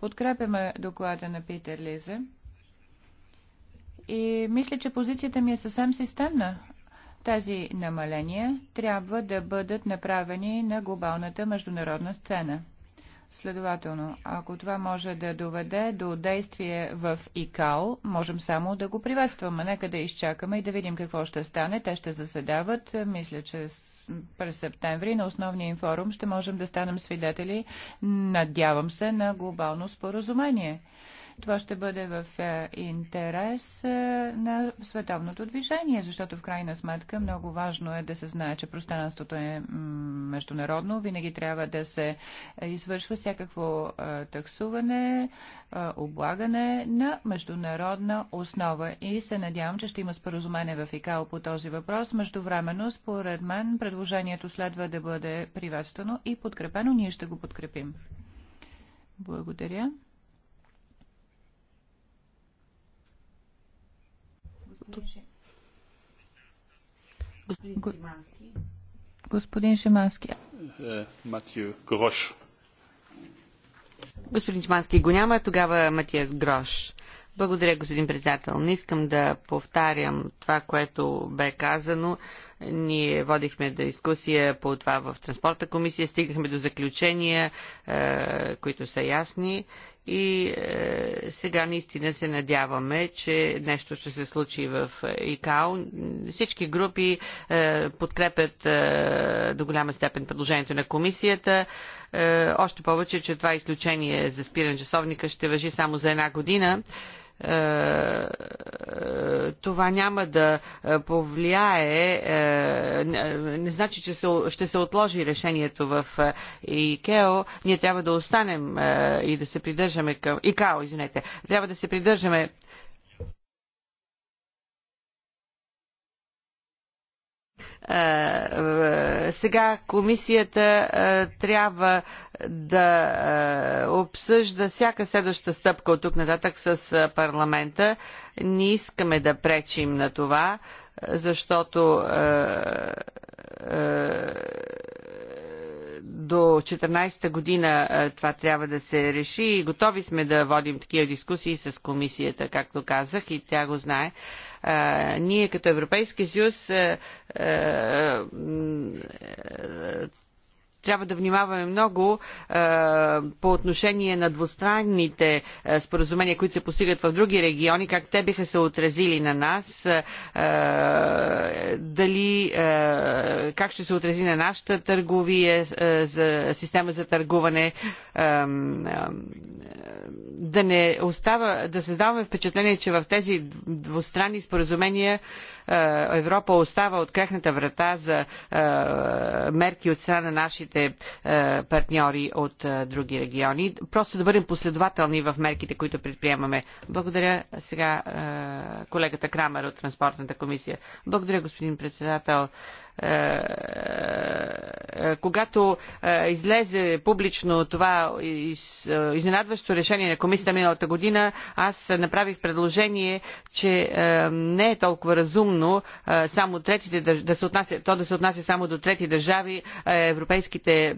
Подкрепяме доклада на Питер Лизе. И мисля, че позицията ми е съвсем системна. Тези намаления трябва да бъдат направени на глобалната международна сцена. Следователно, ако това може да доведе до действие в ИКАО, можем само да го приветстваме. Нека да изчакаме и да видим какво ще стане. Те ще заседават, е, мисля, че през септември на основния им форум ще можем да станем свидетели, надявам се, на глобално споразумение. Това ще бъде в е, интерес е, на световното движение, защото в крайна сметка много важно е да се знае, че пространството е международно. Винаги трябва да се извършва всякакво е, таксуване, облагане на международна основа. И се надявам, че ще има споразумение в ИКАО по този въпрос. Междувременно, според мен, предложението следва да бъде приветствано и подкрепено. Ние ще го подкрепим. Благодаря. Господин Шимански. Грош. Господин Шимански го няма, тогава Матия Грош. Благодаря, господин председател. Не искам да повтарям това, което бе казано. Ние водихме дискусия по това в Транспорта комисия, стигнахме до заключения, е, които са ясни и е, сега наистина се надяваме, че нещо ще се случи в ИКАО. Всички групи е, подкрепят е, до голяма степен предложението на комисията. Е, още повече, че това изключение за спиране часовника ще въжи само за една година. Е, е, е, това няма да е, повлияе, не значи, че ще се отложи решението в ИКЕО. Ние трябва да останем и да се придържаме към... ИКАО, извинете. Трябва да се придържаме Е, е, сега комисията е, трябва да обсъжда всяка следваща стъпка от тук нататък с парламента. Не искаме да пречим на това, защото до 14-та година това трябва да се реши и готови сме да водим такива дискусии с комисията, както казах, и тя го знае. Ние като Европейски съюз трябва да внимаваме много е, по отношение на двустранните е, споразумения, които се постигат в други региони, как те биха се отразили на нас, е, дали е, как ще се отрази на нашата търговия, е, за, система за търгуване, да не остава, да създаваме впечатление, че в тези двустранни споразумения Европа остава от крехната врата за мерки от страна на нашите партньори от други региони. Просто да бъдем последователни в мерките, които предприемаме. Благодаря сега колегата Крамер от Транспортната комисия. Благодаря, господин председател. Е, е, когато е, излезе публично това изненадващо решение на комисията миналата година, аз направих предложение, че не е толкова разумно само третите, да се отнася, то да се отнася само до трети държави, европейските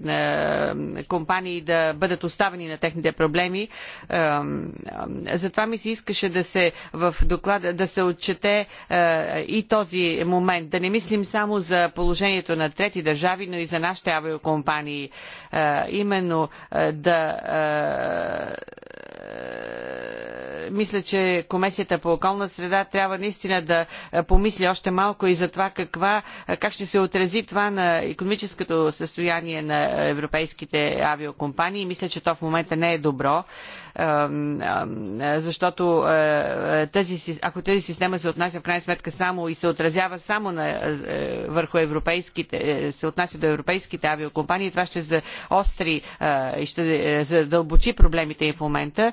компании да бъдат оставени на техните проблеми. Затова ми се искаше да се в доклада да се отчете и този момент, да не мислим само за положението на трети държави, но и за нашите авиокомпании. Именно да мисля, че Комисията по околна среда трябва наистина да помисли още малко и за това каква, как ще се отрази това на економическото състояние на европейските авиокомпании. Мисля, че то в момента не е добро, защото тази, ако тази система се отнася в крайна сметка само и се отразява само на, върху европейските, е, се отнася до европейските авиокомпании, това ще заостри и ще е, задълбочи проблемите им в момента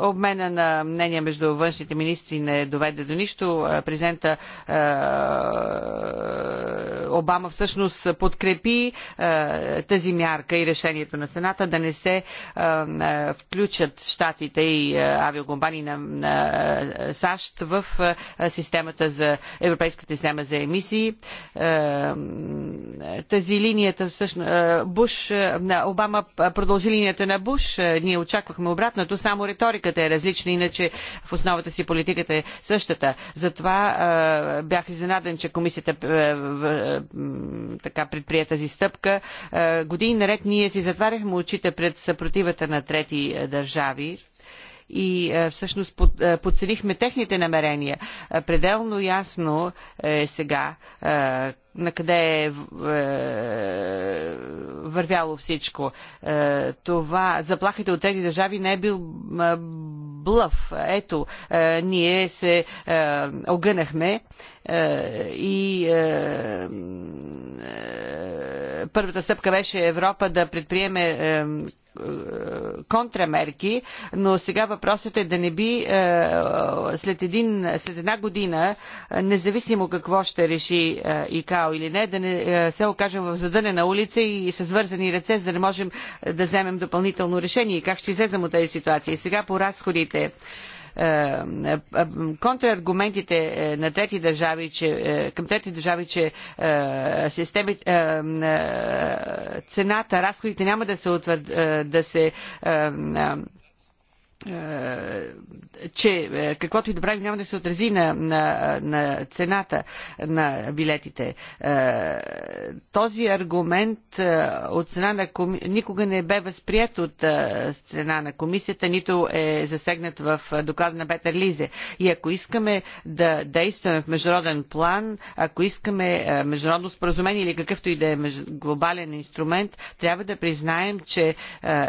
обмена на мнения между външните министри не доведе до нищо. Президента е, Обама всъщност подкрепи е, тази мярка и решението на Сената да не се е, включат щатите и авиокомпании на, на САЩ в системата за европейската система за емисии. Тази линията всъщност Буш, Обама продължи линията на Буш. Ние очаквахме обратно пропуснато. само риториката е различна, иначе в основата си политиката е същата. Затова а, бях изненаден, че комисията така предприе тази стъпка. Години наред ние си затваряхме очите пред съпротивата на трети държави, и всъщност подценихме техните намерения. Пределно ясно е сега на къде е, е вървяло всичко. Е, това, заплахите от тези държави не е бил е, блъв. Ето, е, ние се е, огънахме е, и е, е, първата стъпка беше Европа да предприеме е, е контрамерки, но сега въпросът е да не би е, след, един, след една година, независимо какво ще реши ИКА дял или не, да не е, се окажем в задънена улица и с вързани ръце, за да не можем е, да вземем допълнително решение. Как ще излезем от тази ситуация? И сега по разходите е, контраргументите на трети държави, че, към трети държави, че системи, цената, разходите няма да се, утвър, да се е, че е, каквото и да правим няма да се отрази на, на, на цената на билетите. Е, този аргумент от цена на коми... никога не бе възприят от страна на комисията, нито е засегнат в доклада на Бетер Лизе. И ако искаме да действаме в международен план, ако искаме международно споразумение или какъвто и да е глобален инструмент, трябва да признаем, че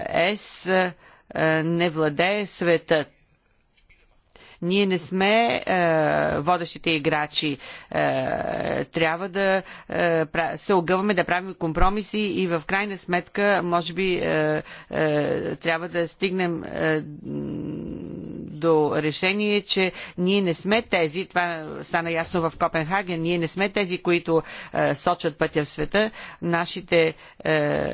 ЕС е, не владее света. Ние не сме е, водещите играчи. Е, трябва да е, се огъваме да правим компромиси и в крайна сметка, може би, е, е, трябва да стигнем. Е, до решение, че ние не сме тези, това стана ясно в Копенхаген, ние не сме тези, които е, сочат пътя в света. Нашите, е,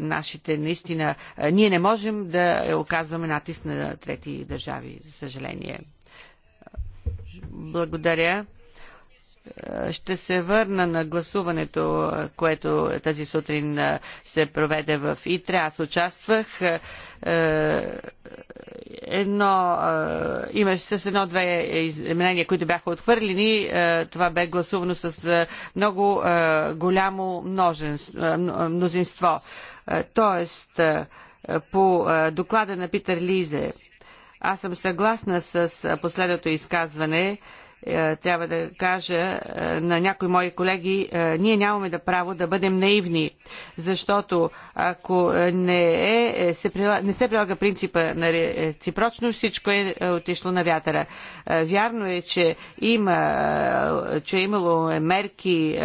нашите наистина, е, ние не можем да оказваме натиск на трети държави, за съжаление. Благодаря. Ще се върна на гласуването, което тази сутрин се проведе в ИТРЕ. Аз участвах. Е, едно, имаше с едно-две изменения, които бяха отхвърлени. Това бе гласувано с много голямо мнозинство. Тоест, по доклада на Питър Лизе, аз съм съгласна с последното изказване, е, трябва да кажа е, на някои мои колеги, е, ние нямаме да право да бъдем наивни, защото ако не, е, се, прилага, не се прилага принципа на реципрочност, всичко е отишло на вятъра. Вярно е, че, има, че е имало мерки,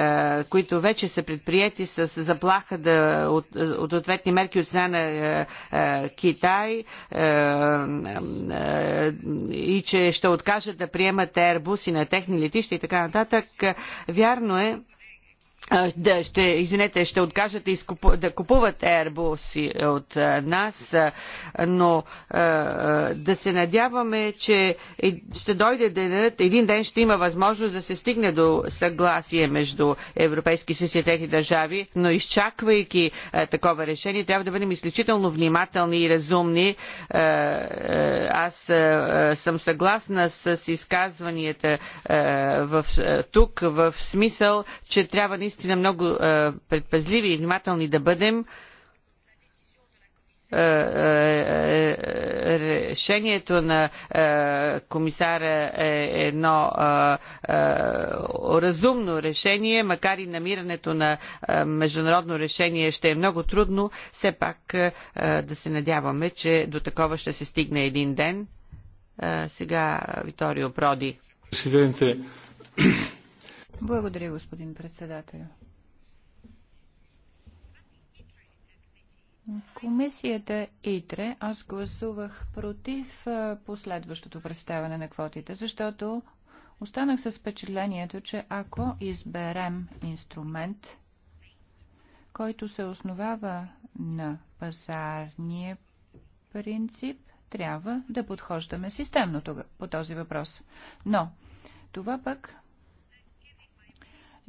които вече са предприяти с заплаха да, от, от ответни мерки от страна на Китай и че ще откажат да приемат Airbus си на техни летища и така нататък. Вярно е, да, ще, извинете, ще откажат да купуват Airbus е, от е, нас, е, но да се надяваме, че ще дойде денът, един ден ще има възможност да се стигне до съгласие между Европейски съюз и трети държави, но изчаквайки такова решение, трябва да бъдем изключително внимателни и разумни. аз съм съгласна с изказванията в, тук, в смисъл, че трябва да наистина много е, предпазливи и внимателни да бъдем. Е, е, решението на комисара е едно разумно решение, макар и намирането на международно решение ще е много трудно, все пак да се надяваме, че до такова ще се стигне един ден. Сега Виторио Проди. Благодаря, господин председател. Комисията ИТРЕ аз гласувах против последващото представяне на квотите, защото останах с впечатлението, че ако изберем инструмент, който се основава на пазарния принцип, трябва да подхождаме системно по този въпрос. Но това пък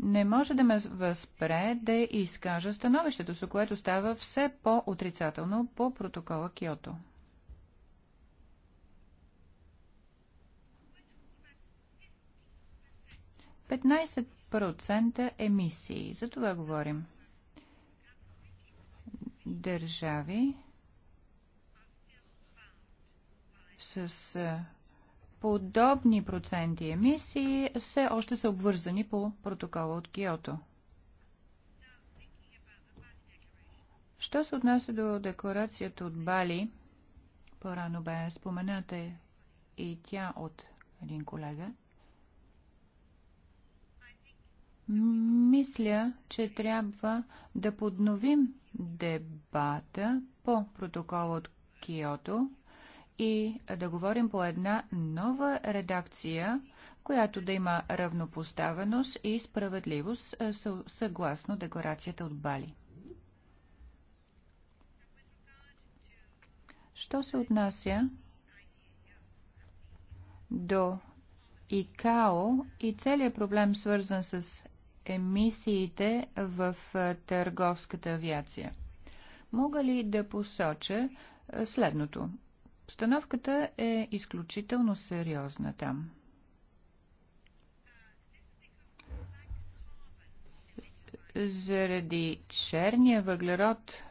не може да ме възпре да изкажа становището, с което става все по-отрицателно по протокола Киото. Петнайсет процента емисии. За това говорим. Държави с подобни проценти емисии все още са обвързани по протокола от Киото. Що се отнася до декларацията от Бали, по-рано бе спомената и тя от един колега, мисля, че трябва да подновим дебата по протокола от Киото и да говорим по една нова редакция, която да има равнопоставеност и справедливост е, съгласно декларацията от Бали. Що се отнася до ИКАО и целият проблем свързан с емисиите в е, търговската авиация? Мога ли да посоча е, следното? Обстановката е изключително сериозна там. Заради черния въглерод,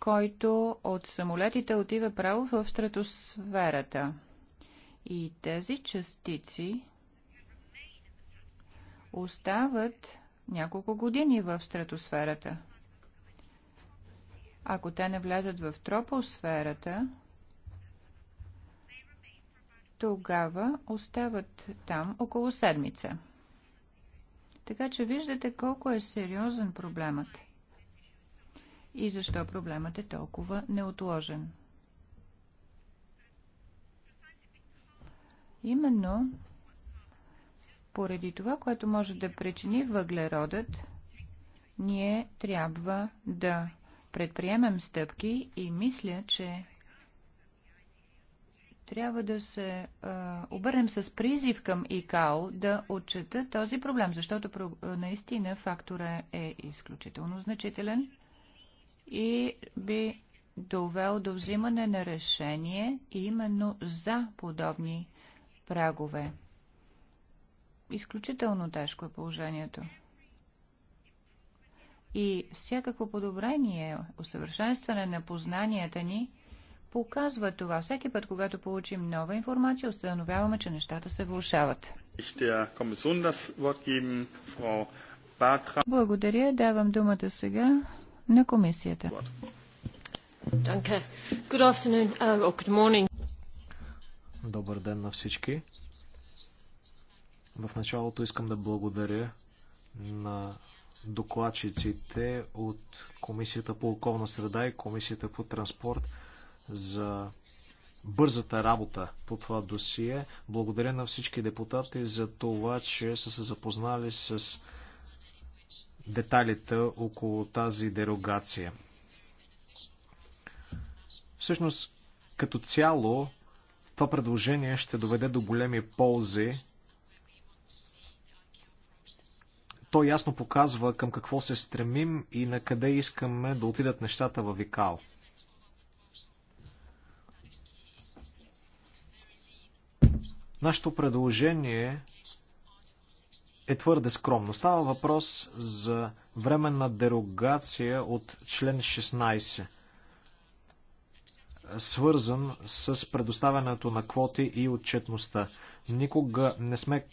който от самолетите отива право в стратосферата. И тези частици остават няколко години в стратосферата – ако те не влязат в тропосферата, тогава остават там около седмица. Така че виждате колко е сериозен проблемът и защо проблемът е толкова неотложен. Именно поради това, което може да причини въглеродът, ние трябва да предприемем стъпки и мисля, че трябва да се а, обърнем с призив към ИКАО да отчета този проблем, защото наистина фактора е изключително значителен и би довел до взимане на решение именно за подобни прагове. Изключително тежко е положението. И всякакво подобрение, усъвършенстване на познанията ни показва това. Всеки път, когато получим нова информация, установяваме, че нещата се влушават. Благодаря. Давам думата сега на комисията. Uh, Добър ден на всички. В началото искам да благодаря на докладчиците от Комисията по околна среда и Комисията по транспорт за бързата работа по това досие. Благодаря на всички депутати за това, че са се запознали с деталите около тази дерогация. Всъщност, като цяло, това предложение ще доведе до големи ползи то ясно показва към какво се стремим и на къде искаме да отидат нещата във ВИКАО. Нашето предложение е твърде скромно. Става въпрос за временна дерогация от член 16, свързан с предоставянето на квоти и отчетността. Никога не сме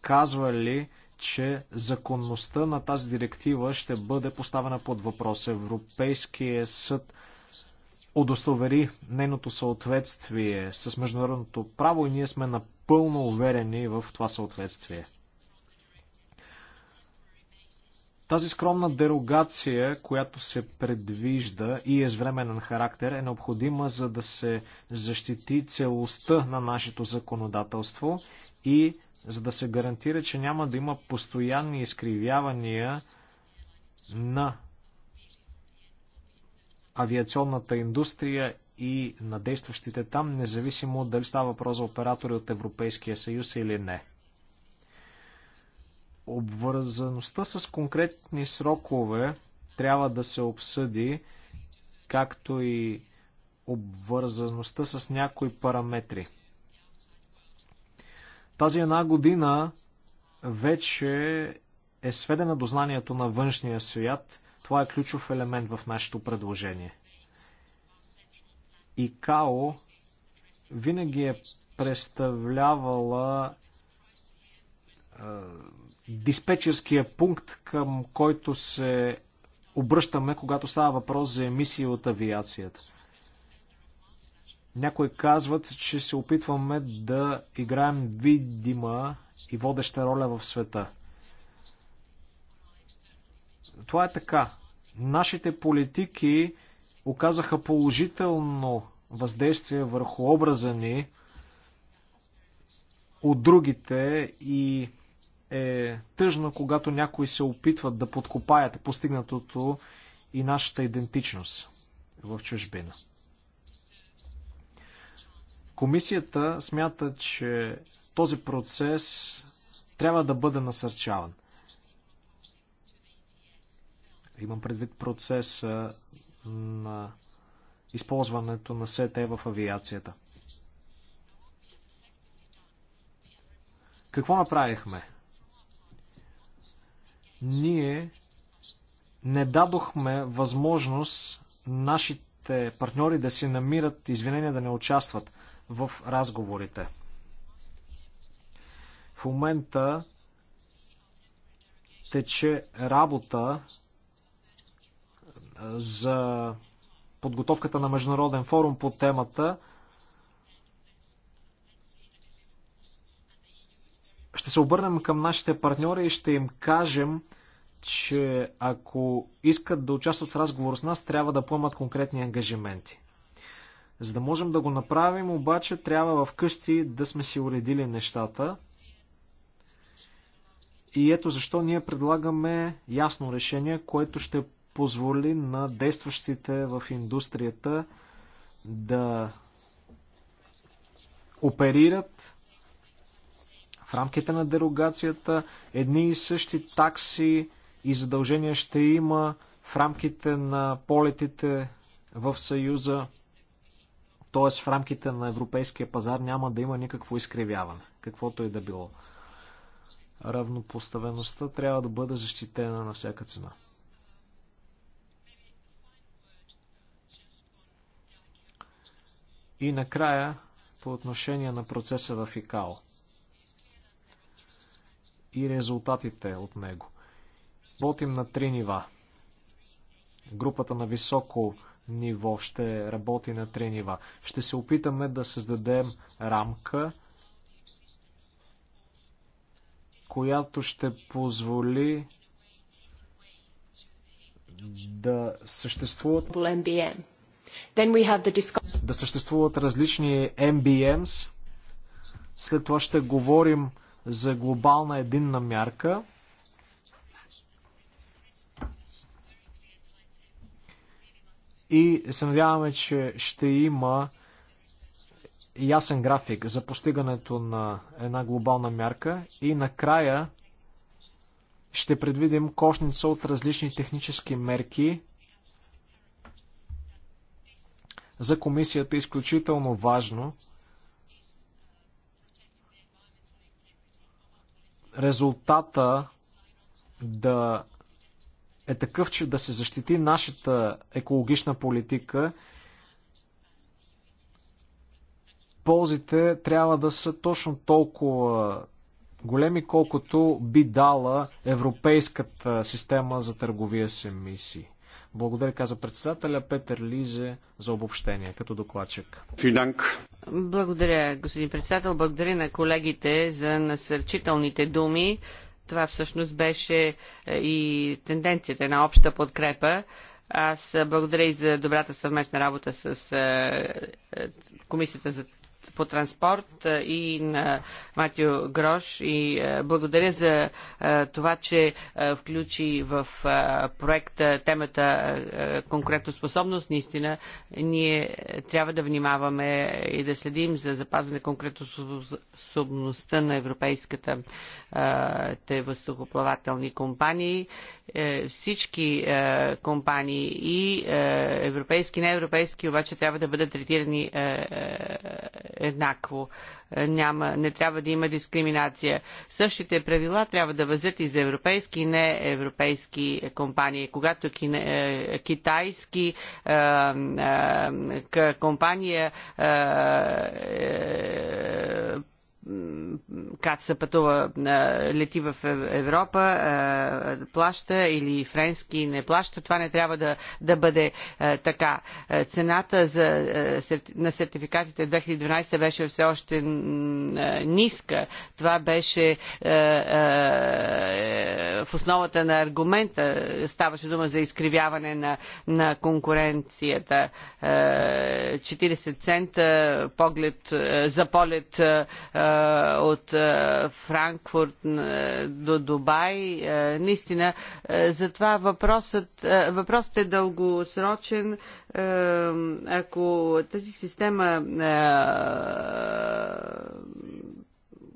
казвали, че законността на тази директива ще бъде поставена под въпрос. Европейския съд удостовери нейното съответствие с международното право и ние сме напълно уверени в това съответствие. Тази скромна дерогация, която се предвижда и е с временен характер, е необходима за да се защити целостта на нашето законодателство и за да се гарантира, че няма да има постоянни изкривявания на авиационната индустрия и на действащите там, независимо дали става въпрос за оператори от Европейския съюз или не. Обвързаността с конкретни срокове трябва да се обсъди, както и обвързаността с някои параметри – тази една година вече е сведена до знанието на външния свят. Това е ключов елемент в нашето предложение. И КАО винаги е представлявала е, диспетчерския пункт, към който се обръщаме, когато става въпрос за емисии от авиацията. Някои казват, че се опитваме да играем видима и водеща роля в света. Това е така. Нашите политики оказаха положително въздействие върху образа ни от другите и е тъжно, когато някои се опитват да подкопаят постигнатото и нашата идентичност в чужбина. Комисията смята, че този процес трябва да бъде насърчаван. Имам предвид процеса на използването на СЕТЕ в авиацията. Какво направихме? Ние не дадохме възможност нашите партньори да си намират извинения да не участват в разговорите. В момента тече работа за подготовката на Международен форум по темата. Ще се обърнем към нашите партньори и ще им кажем, че ако искат да участват в разговор с нас, трябва да поемат конкретни ангажименти. За да можем да го направим, обаче трябва в къщи да сме си уредили нещата. И ето защо ние предлагаме ясно решение, което ще позволи на действащите в индустрията да оперират в рамките на дерогацията. Едни и същи такси и задължения ще има в рамките на полетите в Съюза. Т.е. в рамките на европейския пазар няма да има никакво изкривяване, каквото и да било. Равнопоставеността трябва да бъде защитена на всяка цена. И накрая, по отношение на процеса в ИКАО и резултатите от него. Работим на три нива. Групата на високо ниво, ще работи на три нива. Ще се опитаме да създадем рамка, която ще позволи да съществуват да съществуват различни MBMs. След това ще говорим за глобална единна мярка. и се надяваме, че ще има ясен график за постигането на една глобална мярка и накрая ще предвидим кошница от различни технически мерки. За комисията е изключително важно резултата да е такъв, че да се защити нашата екологична политика, ползите трябва да са точно толкова големи, колкото би дала европейската система за търговия с емисии. Благодаря, каза председателя Петър Лизе за обобщение като докладчик. Благодаря, господин председател. Благодаря на колегите за насърчителните думи. Това всъщност беше е, и тенденцията на обща подкрепа. Аз е, благодаря и за добрата съвместна работа с е, Комисията за по транспорт и на Матио Грош и благодаря за това, че включи в проекта темата конкурентоспособност. Наистина, ние трябва да внимаваме и да следим за запазване конкурентоспособността на европейската те въздухоплавателни компании. Е, всички компании и европейски, не европейски, обаче трябва да бъдат третирани еднакво. Е, няма, не трябва да има дискриминация. Същите правила трябва да възят и за европейски и неевропейски компании. Когато е, китайски е, е, компания е, е се пътува, лети в Европа, плаща или френски не плаща. Това не трябва да, да бъде така. Цената за, на сертификатите 2012 беше все още ниска. Това беше в основата на аргумента. Ставаше дума за изкривяване на, на конкуренцията. 40 цента поглед, за полет от Франкфурт до Дубай. Наистина, затова въпросът, въпросът е дългосрочен. Ако тази система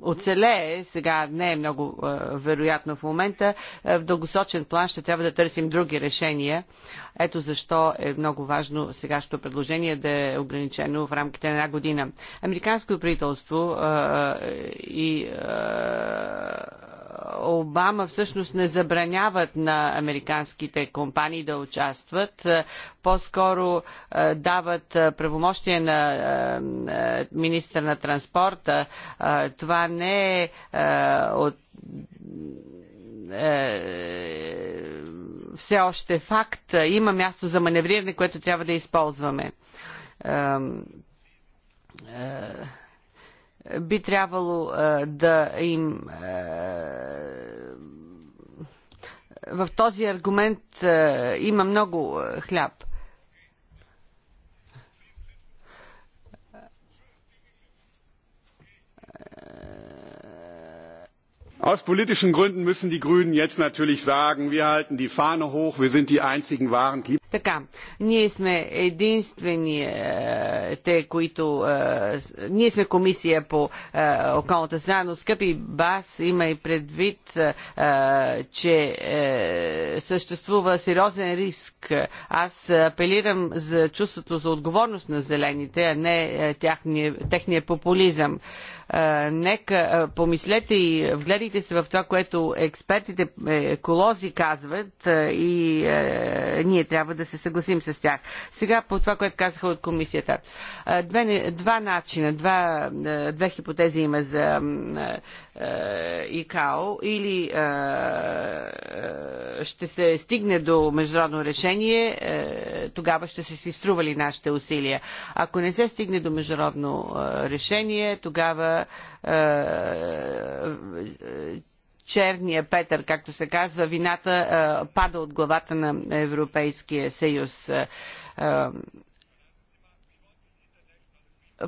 оцелее, сега не е много вероятно в момента, в дългосрочен план ще трябва да търсим други решения. Ето защо е много важно сегашното предложение да е ограничено в рамките на една година. Американското правителство и Обама всъщност не забраняват на американските компании да участват. По-скоро дават правомощие на министър на транспорта. Това не е от е, все още факт. Има място за маневриране, което трябва да използваме. Би трябвало да им в този аргумент има много хляб. Aus politischen Gründen müssen die Grünen jetzt natürlich sagen, wir halten die Fahne hoch, wir sind die einzigen wahren Klima. Така, ние сме е, които... Е, ние сме комисия по е, околната но скъпи бас има и предвид, че съществува сериозен риск. Аз апелирам за чувството за отговорност на зелените, а не техния популизъм. нека помислете и вгледайте уверите се в това, което експертите, е, еколози казват е, и е, ние трябва да се съгласим с тях. Сега по това, което казаха от комисията. Е, две, два начина, два, две хипотези има за е, ИКАО или е, е, ще се стигне до международно решение, тогава ще се си стрували нашите усилия. Ако не се стигне до международно решение, тогава черния Петър, както се казва, вината пада от главата на Европейския съюз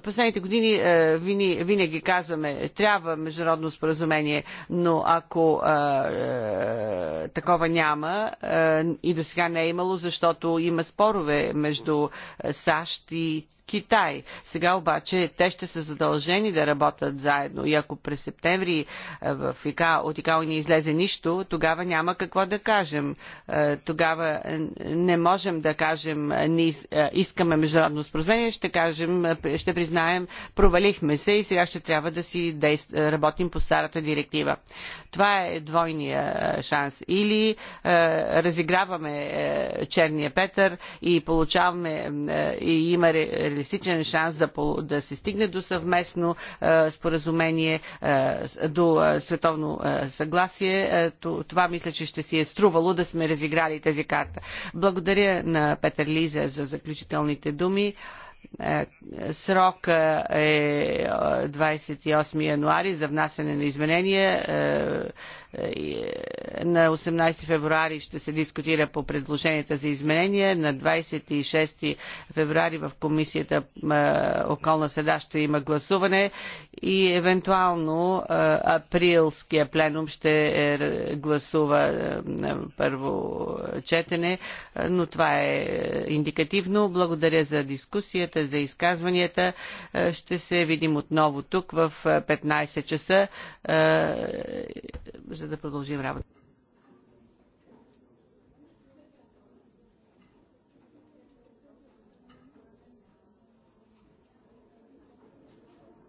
последните години е, вини, винаги казваме, трябва международно споразумение, но ако а, е, а, е, такова няма а, и до сега не е имало, защото има спорове между САЩ и Китай. Сега обаче те ще са задължени да работят заедно и ако през септември е, в ИКА, от ИКАО не излезе нищо, тогава няма какво да кажем. Е, тогава е, не можем да кажем не искаме международно споразумение, ще кажем, ще признаем провалихме се и сега ще трябва да си действ... работим по старата директива. Това е двойния шанс. Или разиграваме черния Петър и получаваме и има реалистичен шанс да, да се стигне до съвместно а, е, споразумение, а, е, до а, е, световно а, съгласие. А, това мисля, че ще си е струвало да сме разиграли тези карта. Благодаря на Петър Лиза за заключителните думи. Срок е 28 януари за внасяне на изменения. Е, на 18 февруари ще се дискутира по предложенията за изменения. На 26 феврари в комисията е, околна седа ще има гласуване и евентуално е, априлския пленум ще гласува първо четене, но това е индикативно. Благодаря за дискусията, за изказванията. Ще се видим отново тук в 15 часа за да продължим работа.